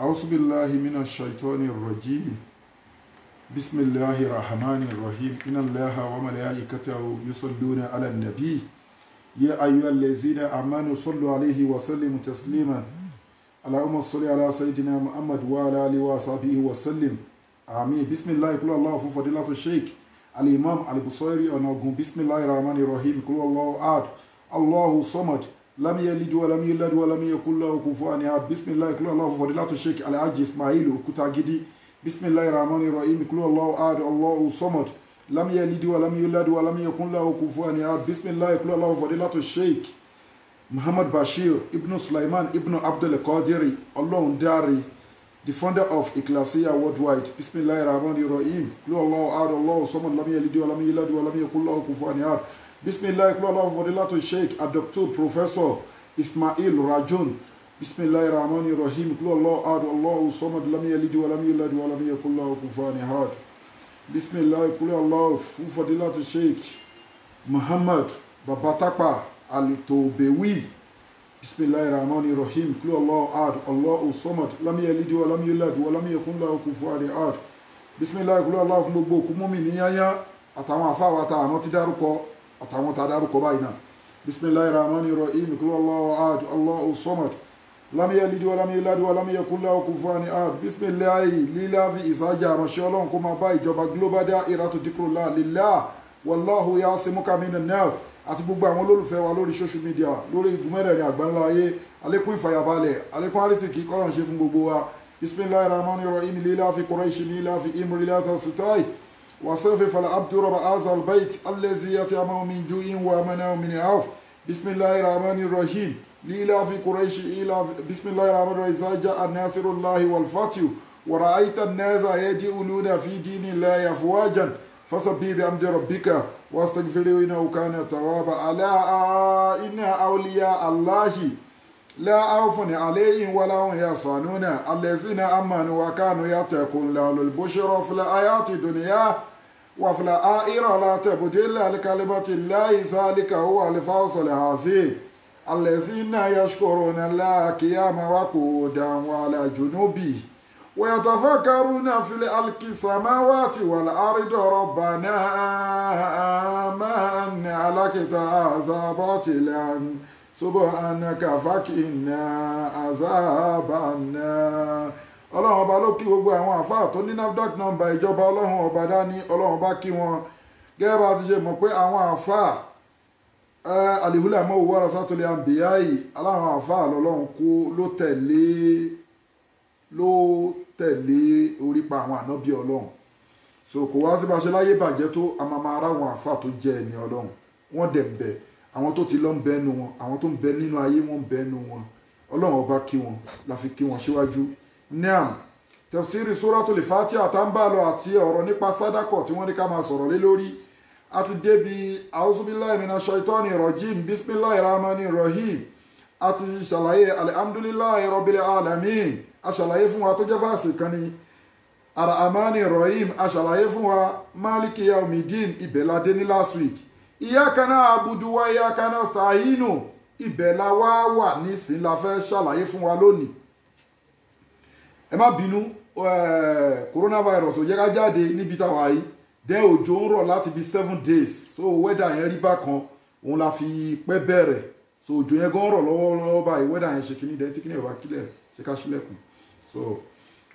أعوذ بالله من الشيطان الرجيم بسم الله الرحمن الرحيم إن الله وملائكته يصلون على النبي يا أيها الذين آمنوا صلوا عليه وسلموا تسليما اللهم صل على سيدنا محمد وعلى آله وصحبه وسلم آمين بسم الله قل الله فوق فضيلة الشيخ الإمام البصيري أنغم بسم الله الرحمن الرحيم قل الله أحد الله صمد lam yalid wa lam yulad wa lam yakul lahu kufuwan ahad bisimilayi kúlọ̀ aláwọ̀ fọdílátò sheik alhaji ismail okutagidi bisimilayi rahman rahim kúlọ̀ aláwọ̀ ahad allahu samad lam yalid wa lam yulad wa lam yakul lahu kufuwan ahad bisimilayi kúlọ̀ aláwọ̀ fọdílátò sheik muhammad bashir ibn sulaiman ibn abdul qadiri ọlọ́run dáre the founder of Ecclesia Worldwide bisimilayi rahman rahim kúlọ̀ aláwọ̀ ahad allahu samad lam yalid wa lam yulad wa lam yakul lahu kufuwan ahad bisimilayi kulala fọdilatu sheik adoktor professor ismail rajon bisimilayi rahmani rahim kulala adallahu samad lamiyalidi walamiyaladi walamiyakulahu kufani had bisimilayi kulala fọdilatu sheik muhammad babatapa alitobewi bisimilayi rahmani rahim kulala adallahu samad lamiyalidi walamiyaladi walamiyakulahu kufani had bisimilayi kulala fún gbogbo òkú mọ́mí níyányá àtàwọn afáwàtà àwọn ti dárúkọ àtàwọn tá a dárúkọ báyìí náà bisimilayi rahmani rahim kúrò allahu ahad allahu samad lam yalid wa lam yulad wa lam yakun lahu kufuwan ahad bisimilayi líláfi ìsájà ránṣẹ́ ọlọ́run kó máa bá ìjọba global dahiratu dhikrullah lillah wallahu ya'simuka minan nas àti gbogbo àwọn olólùfẹ́ wa lórí social media lórí ìgbìmọ̀rẹ̀rẹ̀ àgbáńlá ayé alékún ìfàyàbalẹ̀ alékún àrísìkí kọ́lọ̀ ń ṣe fún gbogbo wa bisimilayi rahmani rahim líláfi quraish líláfi imri látàsítáì وصرف فالعبد رب هذا البيت الذي يطعمه من جوع ومنعه من عوف بسم الله الرحمن الرحيم في قريش إلى بسم الله الرحمن الرحيم إذا جاء ناصر الله والفتح ورأيت الناس يدعون في دين الله أفواجا فسبح بحمد ربك واستغفره إنه كان توابا ألا إن أولياء الله لا خوف عليهم ولا هم يصانون الذين آمنوا وكانوا يتقون لهم البشرى في الآيات الدنيا وفي الآئرة لا تبديل لكلمة الله ذلك هو الفوز العظيم الذين يشكرون الله قياما وقعودا وعلى جنوبه ويتفكرون في الألك السماوات والأرض ربنا ما أن ألكت هذا باطلا سبحانك فكنا عذاب النار ọlọ́run ọba ló kí gbogbo àwọn àfáà tó ní nafdac nọ́mbà ìjọba ọlọ́run ọba dání ọlọ́run ọba kí wọn gẹ́gẹ́ bá ti ṣe mọ̀ pé àwọn àfáà alihula mọ́ owó arasa tó lè àǹbíyáì aláwọn àfáà lọ́lọ́run kú ló tẹ̀lé ló tẹ̀lé orí pa àwọn ànábì ọlọ́run so kò wá sí bá ṣe láyé bàjẹ́ tó àmàmà ara àwọn àfáà tó jẹ́ ẹni ọlọ́run wọ́n dẹ̀ bẹ̀ àwọn tó ti lọ ń bẹ́nu wọn àwọn tó ń bẹ nínú ayé wọn ń bẹ́nu wọn ọlọ́run ọba kí wọn la kí wọn síwájú Naam tafsiri suratul Fatiha tá ń bá lọ àti ọ̀rọ̀ nípa sádàkọ̀ tí wọ́n ní ká máa sọ̀rọ̀ lé lórí a ti débi auzubillahi minash shaitani rajim bisimilahi ramani rahim a ti ṣàlàyé alihamdulilayi rabbil alamin a ṣàlàyé fún wa tó jẹ́ fáàsì kan ni arahamani rahim a ṣàlàyé fún wa maliki yaumidin ibelade ní last week iyakana abudu wa sahinu ibẹ̀ la wá wà nísìnyí la fẹ́ ṣàlàyé fún wa lónìí ẹ má bínú coronavirus ò yẹ ká jáde níbi táwa yìí dẹ́ òjò ń rọ̀ láti bí seven days so weather yẹn rí bákan òun la fi pẹ́ bẹ̀rẹ̀ so òjò yẹn gan rọ̀ lọ́wọ́lọ́wọ́ báyìí weather yẹn ṣe kíní dẹ́ tí kíní ẹ̀ bá kílẹ̀ ṣe ká ṣílẹ̀kùn so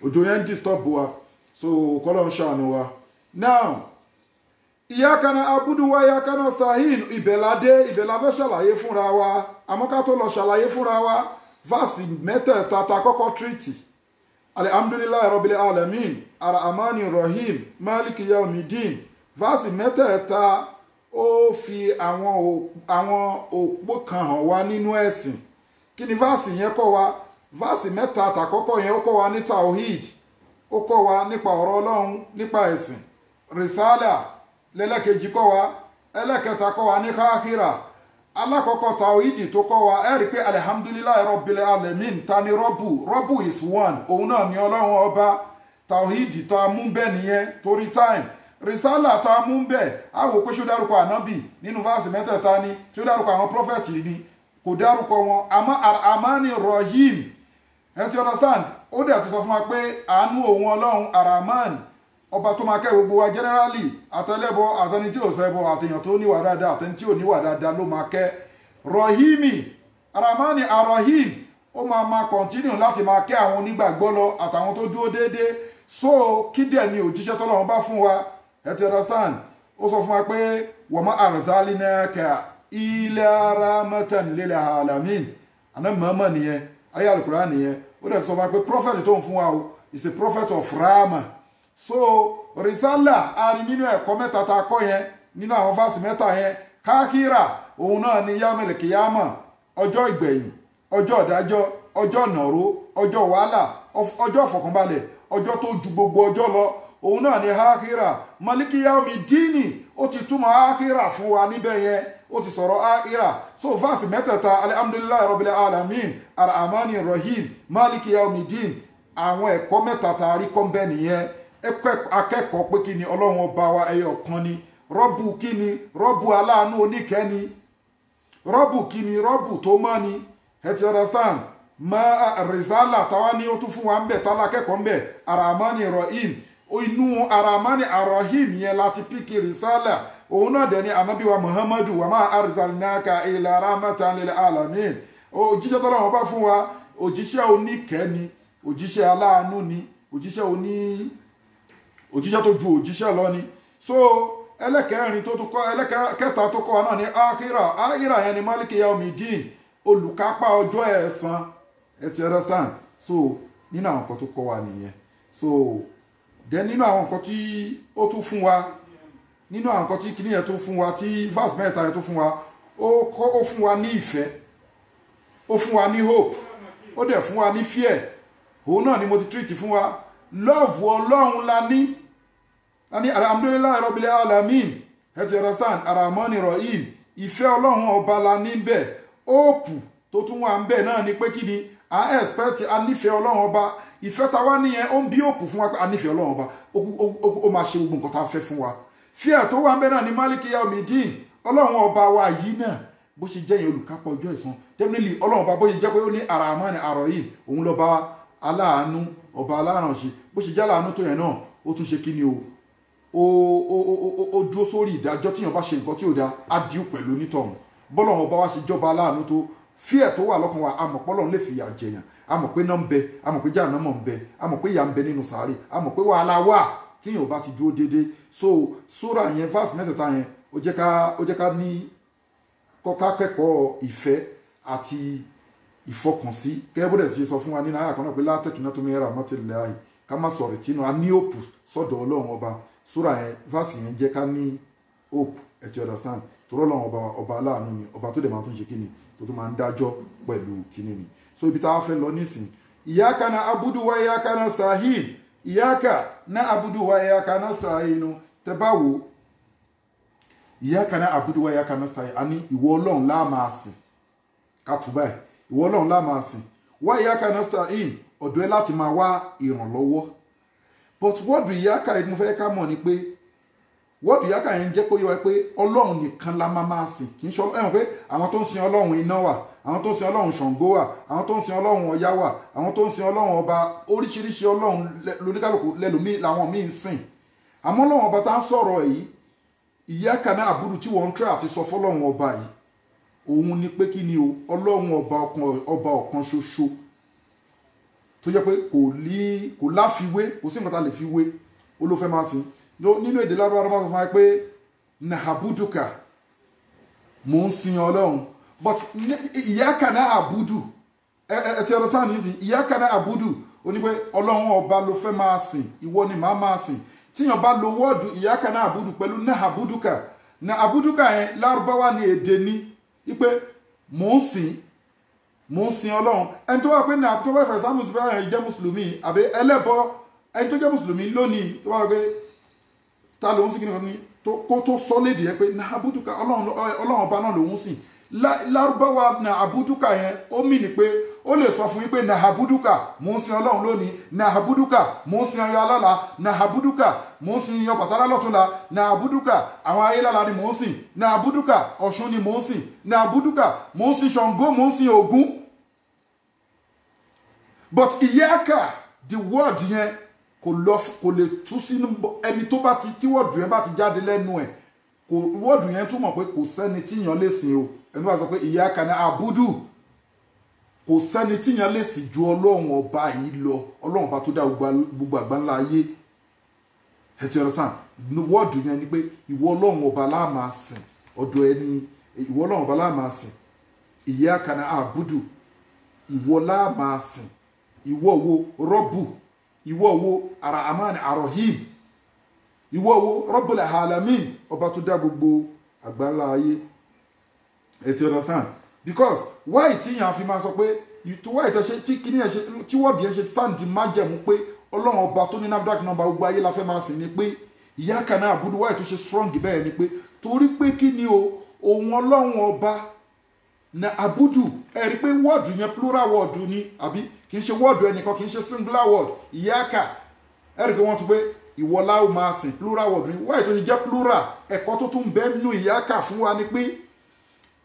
òjò yẹn ń disturb wa so kọ́lọ̀ ń ṣàánú wa now ìyákaná abúdúwá ìyákaná sahin ìbẹ̀ládé ìbẹ̀láfẹ́ ṣàlàyé fúnra wa àmọ́ ká tó lọ ṣàlàyé fúnra wa fásì mẹ́tẹ̀ẹ̀ta ta kọ́kọ́ tírìtì alihamdulilayi rọ́bìlẹ̀ alamin arahamani rahim maliki yaomidin vaasi mẹ́tẹ̀ẹ̀ta ó fi àwọn òpó kan hàn wá nínú ẹ̀sìn kí ni vaasi yẹn kọ wa vaasi mẹ́ta àtàkọ́kọ́ yẹn ó kọ́ wa ní tawhid ó kọ́ wa nípa ọ̀rọ̀ ọlọ́run nípa ẹ̀sìn rìsálà lẹ́lẹ́kejì wa ẹlẹ́kẹta kọ́ wa ní káàkiri alákọ̀ọ́kọ́ tawhidi tó kọ́ wa ẹ rí i pé alihamdulilayi rabbil alamin ta ni rọ́bù rọ́bù is one òun náà ni ọlọ́run ọba tawhidi tá a mú bẹ́ẹ̀ nìyẹn torí time risala tá a mú bẹ́ẹ̀ á wò pé ṣó dárúkọ ànábì nínú fáàsì mẹ́tẹ̀ẹ̀ta ni ṣó dárúkọ àwọn prọfẹ̀tì ni kò dárúkọ wọn àmọ́ aramani rahim ẹ ti understand ó dẹ̀ ti sọ fún wa pé àánú òun ọlọ́run aramani ọba tó máa kẹ́ gbogbo wa generally àtẹlẹ́bọ àtẹni tí ò ṣẹbọ àtẹyàn tó níwà dáadáa àtẹni tí ò níwà dáadáa ló máa kẹ́ rahimi aramani arahim ó máa máa continue láti máa kẹ́ àwọn onígbàgbọ́ lọ àtàwọn tó dúró déédéé so kí dẹ̀ ni òjíṣẹ́ tọ́lọ́run bá fún wa ẹ ti understand ó sọ fún wa pé wọ́n máa arzalinaka ila rahmatan lil alamin àná mọ̀ọ́mọ̀ nìyẹn ayé alukura nìyẹn ó dẹ̀ sọ fún wa pé prophet tó ń fún wa o is a prophet of rahma so rìsálà a nínú ẹkọ mẹ́ta tá a yẹn nínú àwọn fásitì mẹ́ta yẹn káàkiri òun náà ni yamẹ̀lẹ̀ kìyàmọ̀ ọjọ ìgbẹ̀yìn ọjọ ìdájọ́ ọjọ ìnàró ọjọ wàhálà ọjọ ìfọ̀kànbalẹ̀ ọjọ tó ju gbogbo ọjọ lọ òun náà ni áhírà maliki yaomi díìnì ó ti túmọ̀ áhírà fún wa yẹn ó ti so fásitì ta alihamudulilayi alamin arahamani rahim díìnì àwọn rí akẹ́kọ̀ọ́ pé kí ni ọlọ́run ọba wa ẹyọ kan ni rọ́bù kí ni rọ́bù aláàánú oníkẹ́ni rọ́bù kí ni rọ́bù tó mọ́ ni ẹ ti understand ma rìsálà tawa ni ó tún fún wa ń bẹ̀ akẹ́kọ̀ọ́ ń bẹ̀ aramani rahim inú aramani arahim yẹn láti píkì rìsálà òun náà ni anabiwa muhammadu wa ma arsalnaka ila alamin òjíṣẹ́ bá fún wa òjíṣẹ́ òjíṣẹ́ aláàánú ni òjíṣẹ́ òjíṣẹ́ tó ju òjíṣẹ́ lọ ni so ẹlẹ́kẹ̀rin tó tún kọ́ ẹlẹ́kẹ̀ta tó kọ́ wa náà ní ahira ahira yẹn ni maliki yaomidin olùkápá ọjọ́ ẹ̀san ẹ ti understand so nínú àwọn nǹkan tó kọ́ wa nìyẹn so then nínú àwọn nǹkan tí ó tún fún wa nínú àwọn nǹkan tí kìíní yẹn tún fún wa tí verse mẹ́ta yẹn tún fún wa ó kọ́ ó fún wa ní ìfẹ́ ó fún wa ní hope ó dẹ̀ fún wa ní fear òun náà ni mo ti treat fún wa love ọlọ́run la ní ani alhamdulilayi rabbil alamin ẹ ti understand aramoni rahim ìfẹ́ ọlọ́run ọba la níbẹ̀ hope tó tún wà ń bẹ̀ náà ni pé kí ni à ń expect anífẹ́ ọlọ́run ọba ìfẹ́ ta wá nìyẹn ó ń bí hope fún wa pé anífẹ́ ọlọ́run ọba ó máa ṣe gbogbo nǹkan tá a fẹ́ fún wa fear tó wà ń bẹ̀ náà ni maliki yaomidin ọlọ́run ọba wa yìí náà bó ṣe jẹ́ yẹn olùkápọ̀ ọjọ́ ìsan definitely ọlọ́run ọba bó ṣe jẹ́ pé ó ní aramani arohim òun lọ́ba aláàánú ọba aláàránṣe bó ṣe jẹ́ aláàánú tó yẹn náà ó tún ṣe kí ni o o o o o dúró sórí ìdájọ́ tíyàn bá ṣe nǹkan tí ò dáa á dín pẹ̀lú onítọ̀hún bọ́lọ́run ọba wa ṣe jọba aláàánú tó fíẹ̀ tó wà lọ́kàn wa a mọ̀ pé lè fìyà jẹyàn a mọ̀ pé iná ń bẹ a mọ̀ pé jàǹdà mọ̀ ń bẹ a mọ̀ pé ìyà ń bẹ nínú sàárè a mọ̀ pé wàhálà wà tíyàn ò bá ti dúró déédéé so sóra yẹn fásitì mẹ́tẹ̀ẹ̀ta yẹn ó jẹ́ ká ó jẹ́ ká ní kọ́ká kẹ́kọ̀ọ́ ìfẹ́ àti ìfọkànsí gẹ́gẹ́ bó dẹ̀ ti sọ fún wa nínú ayé àkànnà pé látẹ̀kínà tó mẹ́ra mọ́tẹ́lẹ́ ayé ká má sọ̀rọ̀ tìǹà a ní òpù sọ́dọ̀ Ọlọ́run ọba súra yẹn fásì yẹn jẹ́ ká ní hope ẹ ti understand tòró lọ́wọ́ ọba ọba aláàánú ni ọba tó dẹ̀ máa tún ṣe ni tó tún máa ń dájọ́ pẹ̀lú kíni ni so ibi tá a fẹ́ lọ nísìn ìyáka na abudu wa ìyáka na sahil ìyáka na abudu wa ìyáka na sahil nu tẹ bá wo ìyáka na abudu wa ìyáka na sahil àní ìwọ ọlọ́run la máa sìn kàtúbà ẹ̀ ìwọ ọlọ́run la máa sìn wa ìyáka na sahil ọ̀dọ̀ ẹ láti máa wá ìrànlọ́wọ́ but wọ́ọ̀dù ìyáàkà yẹn mo fẹ́ ká mọ̀ ni pé wọ́ọ̀dù ìyáàkà yẹn ń jẹ́ kó yé wa pé ọlọ́run nìkan la máa máa sìn kì í ṣe ẹ̀wọ̀n pé àwọn tó ń sin ọlọ́run iná wà àwọn tó ń sin ọlọ́run ṣàngó wà àwọn tó ń sin ọlọ́run ọya wà àwọn tó ń sin ọlọ́run ọba oríṣiríṣi ọlọ́run lóníkàlùkù lẹ́lòmíì làwọn míì ń sìn àmọ́ ọlọ́run ọba tá a sọ̀rọ̀ yìí ìyáàkà náà àbúrò tí wọ́n ń tẹ́ ni pé kí ni o ọlọ́run ọba ọ̀kan tó jẹ́ pé kò lí kò láfiwé kò sí nǹkan tá a lè fi wé ó ló máa sin nínú èdè lárúbáwá máa sọ fún wa pé nahabuduka mò ń sin ọlọ́run but ìyá kaná àbúdù ẹ ẹ ti understand yìí sìn ìyá kaná àbúdù ó ní pé ọlọ́run ọba ló fẹ́ máa sìn ìwọ ni màá máa sìn tíyàn bá lo wọ́ọ̀dù ìyá kaná àbúdù pẹ̀lú nahabuduka nahabuduka yẹn lárúbáwá ni èdè ní wípé mò ń sìn mò ń sin ọlọ́run ẹni tó wà pé ní àtúntò wẹ́fẹ̀ sáà mùsùlùmí àyàn jẹ́ mùsùlùmí àbí ẹlẹ́bọ ẹni tó jẹ́ mùsùlùmí lónìí tó wà pé ta ló ń sìn kìnìkan ní kó tó sọ léde yẹn pé náà abúdúkà ọlọ́run ọba náà lòún sìn lárúbáwá náà abúdúkà yẹn ó mì ní pé ó lè sọ fún yín pé nahabuduka mò ń sin ọlọ́run lónìí nahabuduka mò ń sin ọyọ alọ́la nahabuduka mò ń sin iyọ pàtàlá lọ́túnla nahabuduka àwọn ayélára ni mò ń sìn nahabuduka ọ̀ṣun ni mò ń sìn nahabuduka mò ń sin ṣàngó mò ń sin ògún but ìyáàkà the word yẹn kò lọ kò lè tú sínú ẹni tó bá ti tí wọ́ọ̀dù yẹn bá ti jáde lẹ́nu ẹ̀ kò wọ́ọ̀dù yẹn túmọ̀ pé kò sẹ́ni tíyan lè sìn o ẹni bá sọ pé ìyáàkà ni àbúdù kò sẹ́ni tíyan lè sì ju ọba yìí lọ ọlọ́run ọba tó dá gbogbo àgbáńlá ayé ẹ ti understand wọ́ọ̀dù yẹn ni pé ọba la sìn ọ̀dọ̀ ẹni ìwọ ọlọ́run ọba la sìn ìyá àkànà àbúdù ìwọ la sìn ìwọ rọ́bù ìwọ arohim ìwọ ọba tó dá gbogbo ayé because why tí yàn fi máa sọ pé why tó ṣe ti kini ẹ ti tí wọ́ọ̀dì ẹ ṣe sáǹdì má jẹ̀mú pé ọlọ́run ọba tó ní nafdac nọmba gbogbo ayé la fẹ́ máa sìn ni pé ìyá kan náà why tó ṣe strong bẹ́ẹ̀ ni pé torí pé kí ni o òun ọlọ́run ọba na abudu ẹ rí i pé wọ́ọ̀dù plural wọ́ọ̀dù ni àbí kì í ṣe wọ́ọ̀dù ẹnìkan kì í ṣe singular word ìyáàkà ẹ rí i pé wọ́n ti pé ìwọlá ó máa sìn plural word ni wáyé tó ti jẹ́ plural ẹ̀kọ́ tó tún bẹ́ẹ̀ nù ìyáàkà fún wa ni pé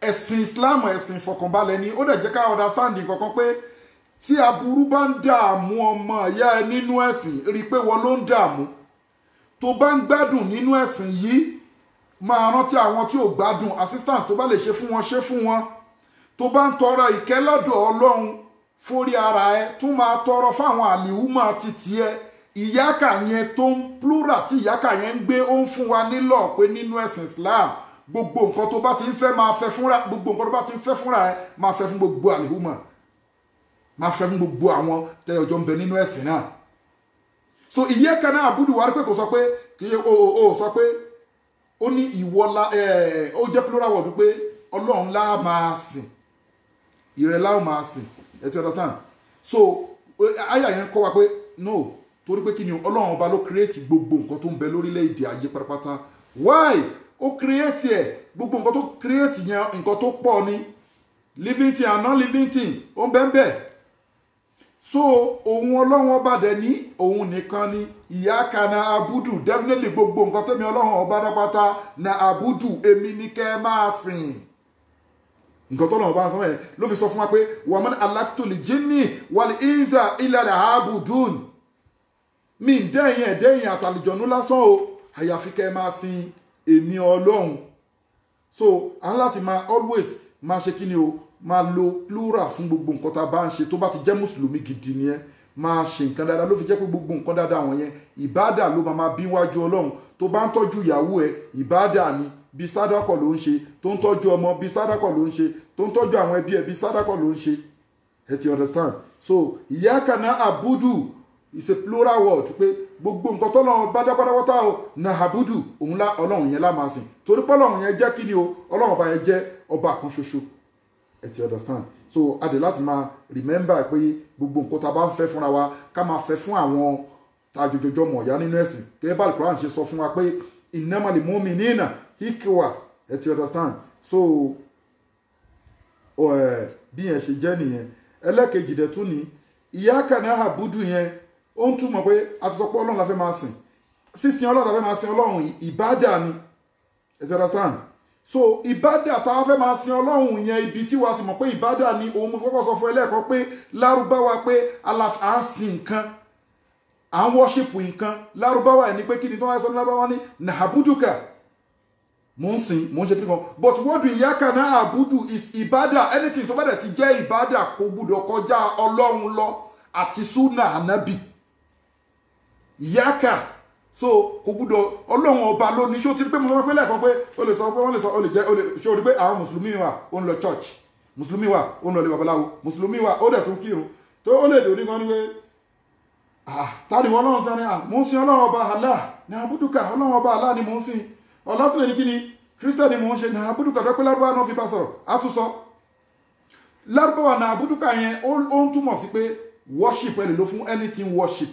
ẹ̀sìn islam ẹ̀sìn ìfọ̀kànbalẹ̀ ni ó dẹ̀ jẹ́ ká understand kankan pé tí aburú bá ń dààmú ọmọ ìyá ẹ nínú ẹ̀sìn rí i pé wọ́n ló ń dààmú tó bá ń gbádùn nínú ẹ̀sìn yìí máa rántí àwọn tí ò gbádùn assistance tó bá lè ṣe fún wọn ṣe fún wọn tó bá ń tọrọ ìkẹ́ lọ́dọ̀ ọlọ́run forí ara ẹ tún máa tọrọ fáwọn àlìhùmọ̀ títí ẹ ìyáka yẹn tó ń plural tí ìyáka yẹn ń gbé ó ń fún wa nílọ̀ pé nínú ẹ̀sìn islam gbogbo nǹkan tó bá ti ń fẹ́ máa fẹ́ fúnra gbogbo nǹkan tó bá ti ń fẹ́ fúnra ẹ máa fẹ́ fún gbogbo àlìhùmọ̀ máa fẹ́ fún gbogbo àwọn tẹ́yọ̀ jọ ń bẹ nínú ẹ̀sìn náà so ìyẹ́ kan náà àbúdù wa rí pé kò sọ pé kì í o ò sọ pé ó ní ìwọ la ẹ ó jẹ́ plural word pé ọlọ́run lá máa sìn ìrẹ̀ lá máa sìn ẹ ti understand so àyà yẹn kọ́ wa pé no torí pé kí ni ọlọ́run ọba ló create gbogbo nǹkan tó ń bẹ lórílẹ̀‐èdè why ó kírẹ́ẹ̀tì ẹ̀ gbogbo nǹkan tó kírẹ́ẹ̀tì yẹn nǹkan tó pọ̀ ni living thing and non living thing ó ń bẹ́ẹ̀ bẹ́ẹ̀ so òun ọlọ́run ọba dẹ̀ ní òun nìkan ni ìyá kana abudu definitely gbogbo nǹkan tẹ́mi ọlọ́run ọba dápátá na abudu èmi ni kẹ́ máa sìn nǹkan tó lọ́wọ́ bá ń sọ yẹn ló fi sọ fún wa pé wàmán alákítólì jínní wàlí ìzà ìlànà abudun mi ń dẹ́yìn àtàlìjọ́nú lásán o àyàfi kẹ́ máa sìn èmi ọlọ́run so à ń láti máa always máa ṣe kí o máa lo plural fún gbogbo nǹkan tá a bá ń ṣe tó bá ti jẹ́ mùsùlùmí gidi nìyẹn máa ṣe nǹkan dáadáa ló fi jẹ́ pé gbogbo nǹkan dáadáa wọ̀nyẹn ìbáàdà ló máa bí wájú ọlọ́run tó bá ń tọ́jú ìyàwó ẹ ìbáàdà ni bí sádàkọ̀ ló ń ṣe tó ń tọ́jú ọmọ bí sádàkọ̀ ló ń ṣe tó ń tọ́jú àwọn ẹbí ẹ bí sádàkọ̀ ló ń ṣe ẹ ti understand so ìyá kaná àbúdù it's a plural word pé gbogbo nǹkan tọ́lọ́run bá dá pátápátá o nahabudu òun lá ọlọ́run yẹn lá máa sìn torí pé ọlọ́run yẹn jẹ́ kí ni o ọlọ́run ọba yẹn jẹ́ ọba kan ṣoṣo ẹ ti understand so a dẹ̀ láti máa remember pé gbogbo nǹkan tá a bá ń fẹ́ fúnra wa ká máa fẹ́ fún àwọn tá a jọjọjọ mọ̀ ọ̀yá nínú ẹ̀sìn kẹ́ẹ́ bá Al-Qur'an ṣe sọ fún wa pé innamal mu'minina ikwa ẹ ti understand so bí yẹn ṣe jẹ́ nìyẹn ẹlẹ́kejì dẹ̀ tún ní ìyá kanáà àbúdù yẹn ó ń túmọ̀ pé àtúntọ́pọ̀ ọlọ́run la fẹ́ máa sìn sísìn ọlọ́run la fẹ́ máa sìn ọlọ́run ìbádà ni you understand so ìbádà tá a fẹ́ máa sìn ọlọ́run yẹn ibi tí wàá ti mọ̀ pé ìbádà ni òun mo fọ́kọ̀ sọ fún ẹlẹ́ẹ̀kan pé lárúbáwá pé à ń sìn nǹkan à ń wọ́ṣìpù nǹkan lárúbáwá ẹ̀ ni pé kí ni tó máa sọ ní lárúbáwá ní nàbúdùkà mò ń sìn mò ń ṣe kíkan but wọ́ọ̀dù ìyáka náà àbúdù is ìbádà anything tó bá dẹ̀ ti jẹ́ ìbádà kò gbúdọ̀ kọjá ọlọ́run lọ àti súnà ànábì Yaka so kò gbúdọ̀ ọlọ́run ọba ló ṣó ti rí pé mo sọ pé lẹ́ẹ̀kan pé o lè sọ pé wọ́n lè sọ o lè jẹ́ o lè ṣe rí pé àwọn mùsùlùmí wà ó ń lọ church mùsùlùmí wà ó ń lọ ilé babaláwo mùsùlùmí wà ó dẹ̀ tún kírun tó ó lè dè oníkan ní pé ah, tani wọn lọ́run sani ah, mò ń sin ọlọ́run ọba Allah ní abúdùkà ọlọ́run ọba Allah ni mò ń sin ọlọ́tún ní kíni kírísítẹ́nì mò ń ṣe ní abúdùkà dọ́pẹ́ lárúbáwá náà fi bá sọ̀rọ̀ worship ẹni ló anything worship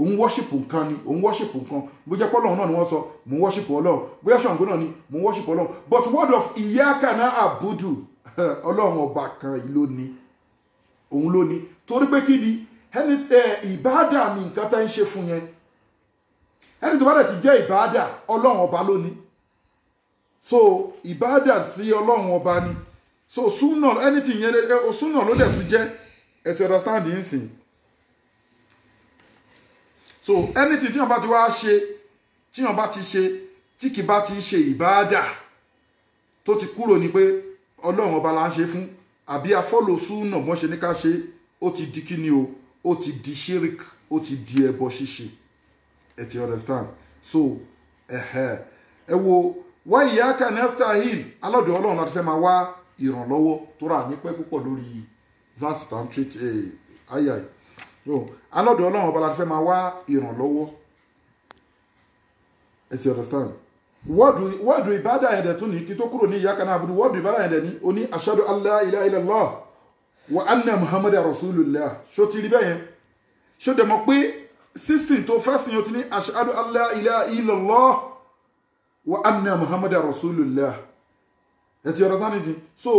òun wọ́ṣìpù nǹkan ni òun wọ́ṣìpù nǹkan bó jẹ́ pọ́lọ́run náà ni wọ́n sọ mò ń wọ́ṣìpù ọlọ́run bóyá ṣàǹgó náà ni mò ń wọ́ṣìpù ọlọ́run but word of ìyáàkà náà àbúdù ọlọ́run ọba kan yìí ló ní òun ló ní torí pé kí ni ẹni eh, ìbáàdà ni nǹkan tá ń ṣe fún yẹn ẹni tó bá dẹ̀ ti jẹ́ ìbáàdà ọlọ́run ọba ló ní so ìbáàdà sí ọlọ́run ọba ni so súnà ẹni tí ìyẹn súnà ló dẹ̀ tún jẹ́ ẹ ti understand yín sìn so anything tíyàn bá ti wá ṣe tíyàn bá ti ṣe tí kì bá ti ṣe ìbáàdà tó ti kúrò ní pé ọlọ́run ọba la ń ṣe fún àbí afọ́lòsú náà wọ́n ṣe ní ká ṣe ó ti di kíni o ó ti di shirik ó ti di ẹbọ ṣíṣe ẹ ti understand so ẹ̀hẹ̀ ẹ wo wáyé aka nestahil alọ́dọ̀ ọlọ́run láti fẹ́ máa wá ìrànlọ́wọ́ tó rà ní pẹ́ púpọ̀ lórí vast and treat ayai. Eh, so alọ́dọ̀ ọlọ́run ọba la fẹ́ máa wá ìrànlọ́wọ́ ẹ ti understand wọ́ọ̀dù wọ́ọ̀dù ìbádà ẹ̀dẹ̀ tún ní kí tó kúrò ní ìyá kan náà wọ́ọ̀dù ìbádà ẹ̀dẹ̀ ní oní ashadu allah ilaha illallah wa anna muhammad rasulullah ṣó ti rí bẹ́yẹn ṣó dẹ̀ mọ̀ pé sísìn tó fẹ́ sìn yóò ti ní ashadu allah ilaha illallah wa anna muhammad rasulullah ẹ ti understand nísìn so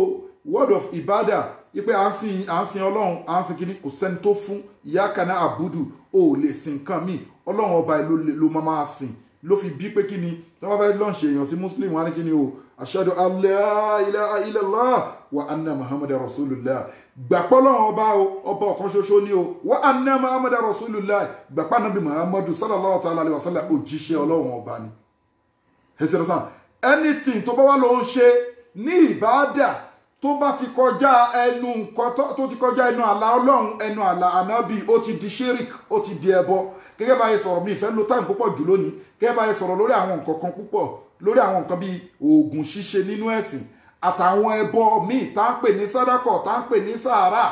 word of ìbádà ipe à ń sin à ń sin ọlọ́run à ń sin kínní kò sẹ́ni tó fún ìyá kaná àbúdù ò lè sin nǹkan míì ọlọ́run ọba ló lè ló máa máa sìn ló fi bí pé kínní tí wọ́n bá fẹ́ lọ́n ṣe èèyàn sí muslim wọn á ní kínní o ashadu alla ilaha illallah wa anna muhammadu rasulullah gbàpọ́ lọ́wọ́ ọba o ọba ọ̀kan ṣoṣo ni o wa anna muhammadu rasulullah gbàpá nàbí muhammadu sallallahu ta'ala alayhi wa sallam òjíṣẹ́ ọlọ́run ọba ni. ẹsẹ̀ lọ́sàn anything tó bá wà ló ń ṣe ní ìbáàdà tó bá ti kọjá ẹnu nǹkan tó ti kọjá ẹnu àlà ọlọ́run ẹnu àlà ànábì ó ti di shirik ó ti di ẹbọ gẹ́gẹ́ bá yẹ sọ̀rọ̀ mi ìfẹ́ lo táìmù púpọ̀ jù lónìí gẹ́gẹ́ bá yẹ sọ̀rọ̀ lórí àwọn nǹkan kan púpọ̀ lórí àwọn nǹkan bíi oògùn ṣíṣe nínú ẹ̀sìn àtàwọn ẹbọ míì tá ń pè ní sàdákà tá ń pè ní sàárà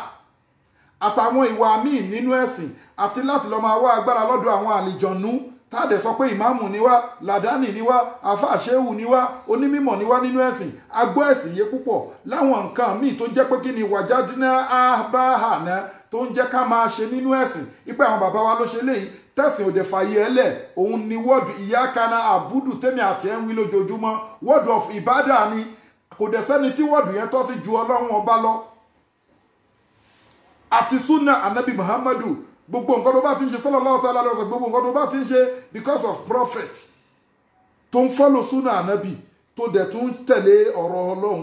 àtàwọn ìwà míì nínú ẹ̀sìn àti láti lọ máa wá agbára lọ́dọ̀ àwọn àlìjọ̀nú táàdẹ sọ pé ìmáàmù ni wá làdáni ni wá àfàṣẹ́wù ni wá onímọ̀ ni wá nínú ẹ̀sìn agbó ẹ̀sìn yé púpọ̀ láwọn nǹkan míì tó jẹ́ pé kí ni wàjádínà àbáhànà tó ń jẹ́ ká máa ṣe nínú ẹ̀sìn ipa àwọn bàbá wa ló ṣe léyìí tẹ̀sìn òde fàyè ẹlẹ̀ òun ni wọ́ọ̀dù ìyá kana àbúdù tẹ́mi àti ẹ̀ ń wí lójoojúmọ́ wọ́ọ̀dù of ìbádà ni kò dẹ̀ sẹ́ni tí wọ́ọ̀dù yẹn tọ́ sí ju ọlọ́run ọba lọ àti sunna anabi muhammadu gbogbo nǹkan tó bá ti ń ṣe sallallahu ta'ala alaihi wasallam gbogbo nǹkan tó bá ti ń ṣe because of prophet tó ń follow súnà ànábì tó dẹ̀ tó ń tẹ̀lé ọ̀rọ̀ ọlọ́run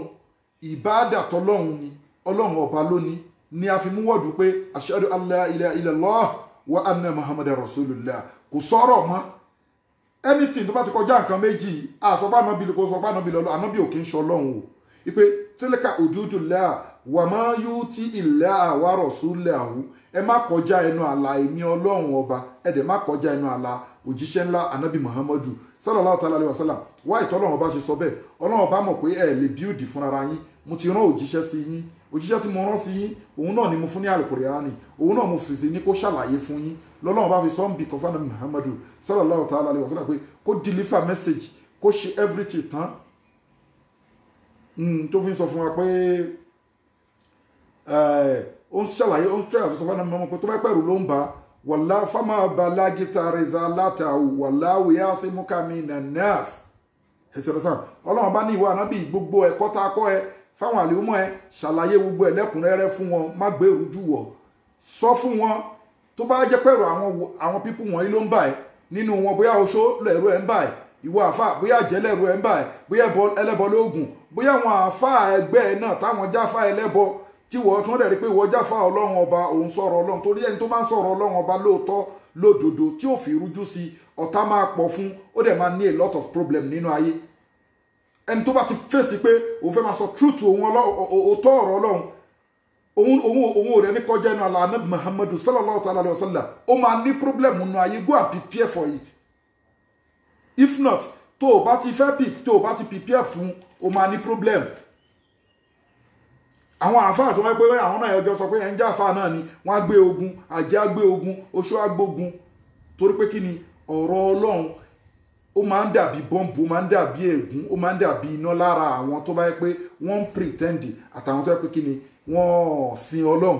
ìbádàtọ̀ ọlọ́run ni ọlọ́run ọba lónìí ni a fi mú wọ́ọ̀dù pé ashhadu Allah la ilaha illallah wa anna muhammadar rasulullah kò sọ̀rọ̀ mọ́ anything tó bá ti kọjá nǹkan méjì àsọpá ànábì kò sọpá ànábì lọ́lọ́ ànábì ò kì í ṣe ọlọ́run o ipe tilka hududullah wa ma yuti illa wa rasulahu ẹ má kọjá ẹnu àlà èmi ọlọ́run ọba ẹ dẹ̀ má kọjá ẹnu àlà òjíṣẹ́ ńlá anabi muhammadu sallallahu ta'ala alayhi wa sallam wá ìtọ́lọ́run ọba ṣe sọ bẹ́ẹ̀ ọlọ́run ọba mọ̀ pé ẹ lè bíòdì fúnra yín mo ti rán òjíṣẹ́ sí yín òjíṣẹ́ tí mo rán sí yín òun náà ni mo fún ní àlùkùránì òun náà mo fèsì ní kó ṣàlàyé fún yín lọ́lọ́run bá fi sọ ń bì kan muhammadu sallallahu ta'ala alayhi wa message kó ṣe everything tán hmm, tó fi sọ ó ń ṣàlàyé ó ń tẹ́ àtúnṣe fún ọmọ pé tó bá pẹ̀rù ló ń bá wàlá fámà balágìtà rẹ̀zà látà wàlá wíyá sí múkàmí nà nọ́ọ̀sì ẹsẹ̀ lọ́sàn ọlọ́run bá ní ìwà ànábì gbogbo ẹ̀kọ́ tá a kọ́ ẹ fáwọn àlèhùnmọ́ ẹ ṣàlàyé gbogbo ẹ̀ lẹ́kùnrẹ́rẹ́ fún wọn má gbé ìrújú wọ̀ sọ fún wọn tó bá jẹ́ pẹ̀rù àwọn pípù wọ̀nyí ló ń bà ẹ́ nínú wọn bóyá oṣó lẹ̀rú ẹ̀ ń bà ẹ́ ìwọ àáfà bóyá àjẹ́ lẹ̀rú ẹ̀ ń bà ẹ́ bóyá ẹlẹ́bọ lóògùn bóyá àwọn àáfà ẹgbẹ́ náà táwọn jáfà ẹlẹ́bọ tí wọ́n tún rẹ̀ rí pé wọ́n jáfa ọlọ́run ọba òun sọ̀rọ̀ ọlọ́run torí ẹni tó máa ń sọ̀rọ̀ ọlọ́run ọba lóòótọ́ lódodo tí ò fi rújú sí ọ̀tá máa pọ̀ fún ó dẹ̀ máa ní a lot of problem nínú ayé ẹni tó bá ti fèsì pé òun fẹ́ máa sọ truth òun òótọ́ ọ̀rọ̀ ọlọ́run òun òun òun ò rẹ̀ ní kọjá inú àlà ànábì muhammadu sallallahu alayhi wa sallam ó máa ní problem nínú ayé go and prepare for it if not tó o bá ti fẹ́ pip tó o bá ti prepare fún o máa ní problem àwọn àáfàá tó wọ́n pé àwọn náà ẹjọ́ sọ pé ẹ̀ ń jà àáfàá náà ni wọ́n á gbé ogun àjẹ́ á gbé ogun oṣó á gbógun torí pé kí ni ọ̀rọ̀ ọlọ́run ó máa ń dàbí bọ́ǹbù ó máa ń dàbí ègún ó máa ń dàbí iná lára àwọn tó bá yẹ pé wọ́n ń pretend àtàwọn tó yẹ pé kí ni wọ́n sin ọlọ́run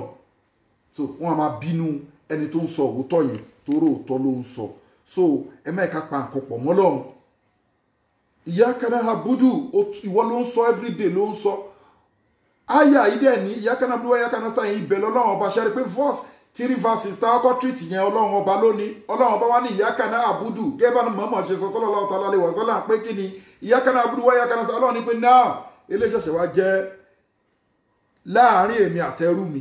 so wọ́n á máa bínú ẹni tó ń sọ òótọ́ yẹn torí òótọ́ ló ń sọ so ẹ má ẹ̀ka pa nǹkan pọ̀ mọ́ lọ́run ìyá kanáà budu ìwọ ló ń sọ everyday ló ń sọ so, aya yìí dẹ̀ ní ìyákaná abúlé ìyákaná sáyẹn ibẹ̀ lọ́lọ́run ọba ṣẹ́rí pé verse three verses tá ọkọ̀ treat yẹn ọlọ́run ọba lónìí ọlọ́run ọba wá ní ìyákaná àbúdù gẹ́gẹ́ bá ṣe sọ sọ́lọ́ ọ̀tá lálẹ́ wọ̀ sọ́lá pé kí ni ìyákaná abúdù wá ìyákaná ọlọ́run ní pé náà eléṣẹ̀ṣẹ̀ wá jẹ́ láàárín èmi àtẹrú mi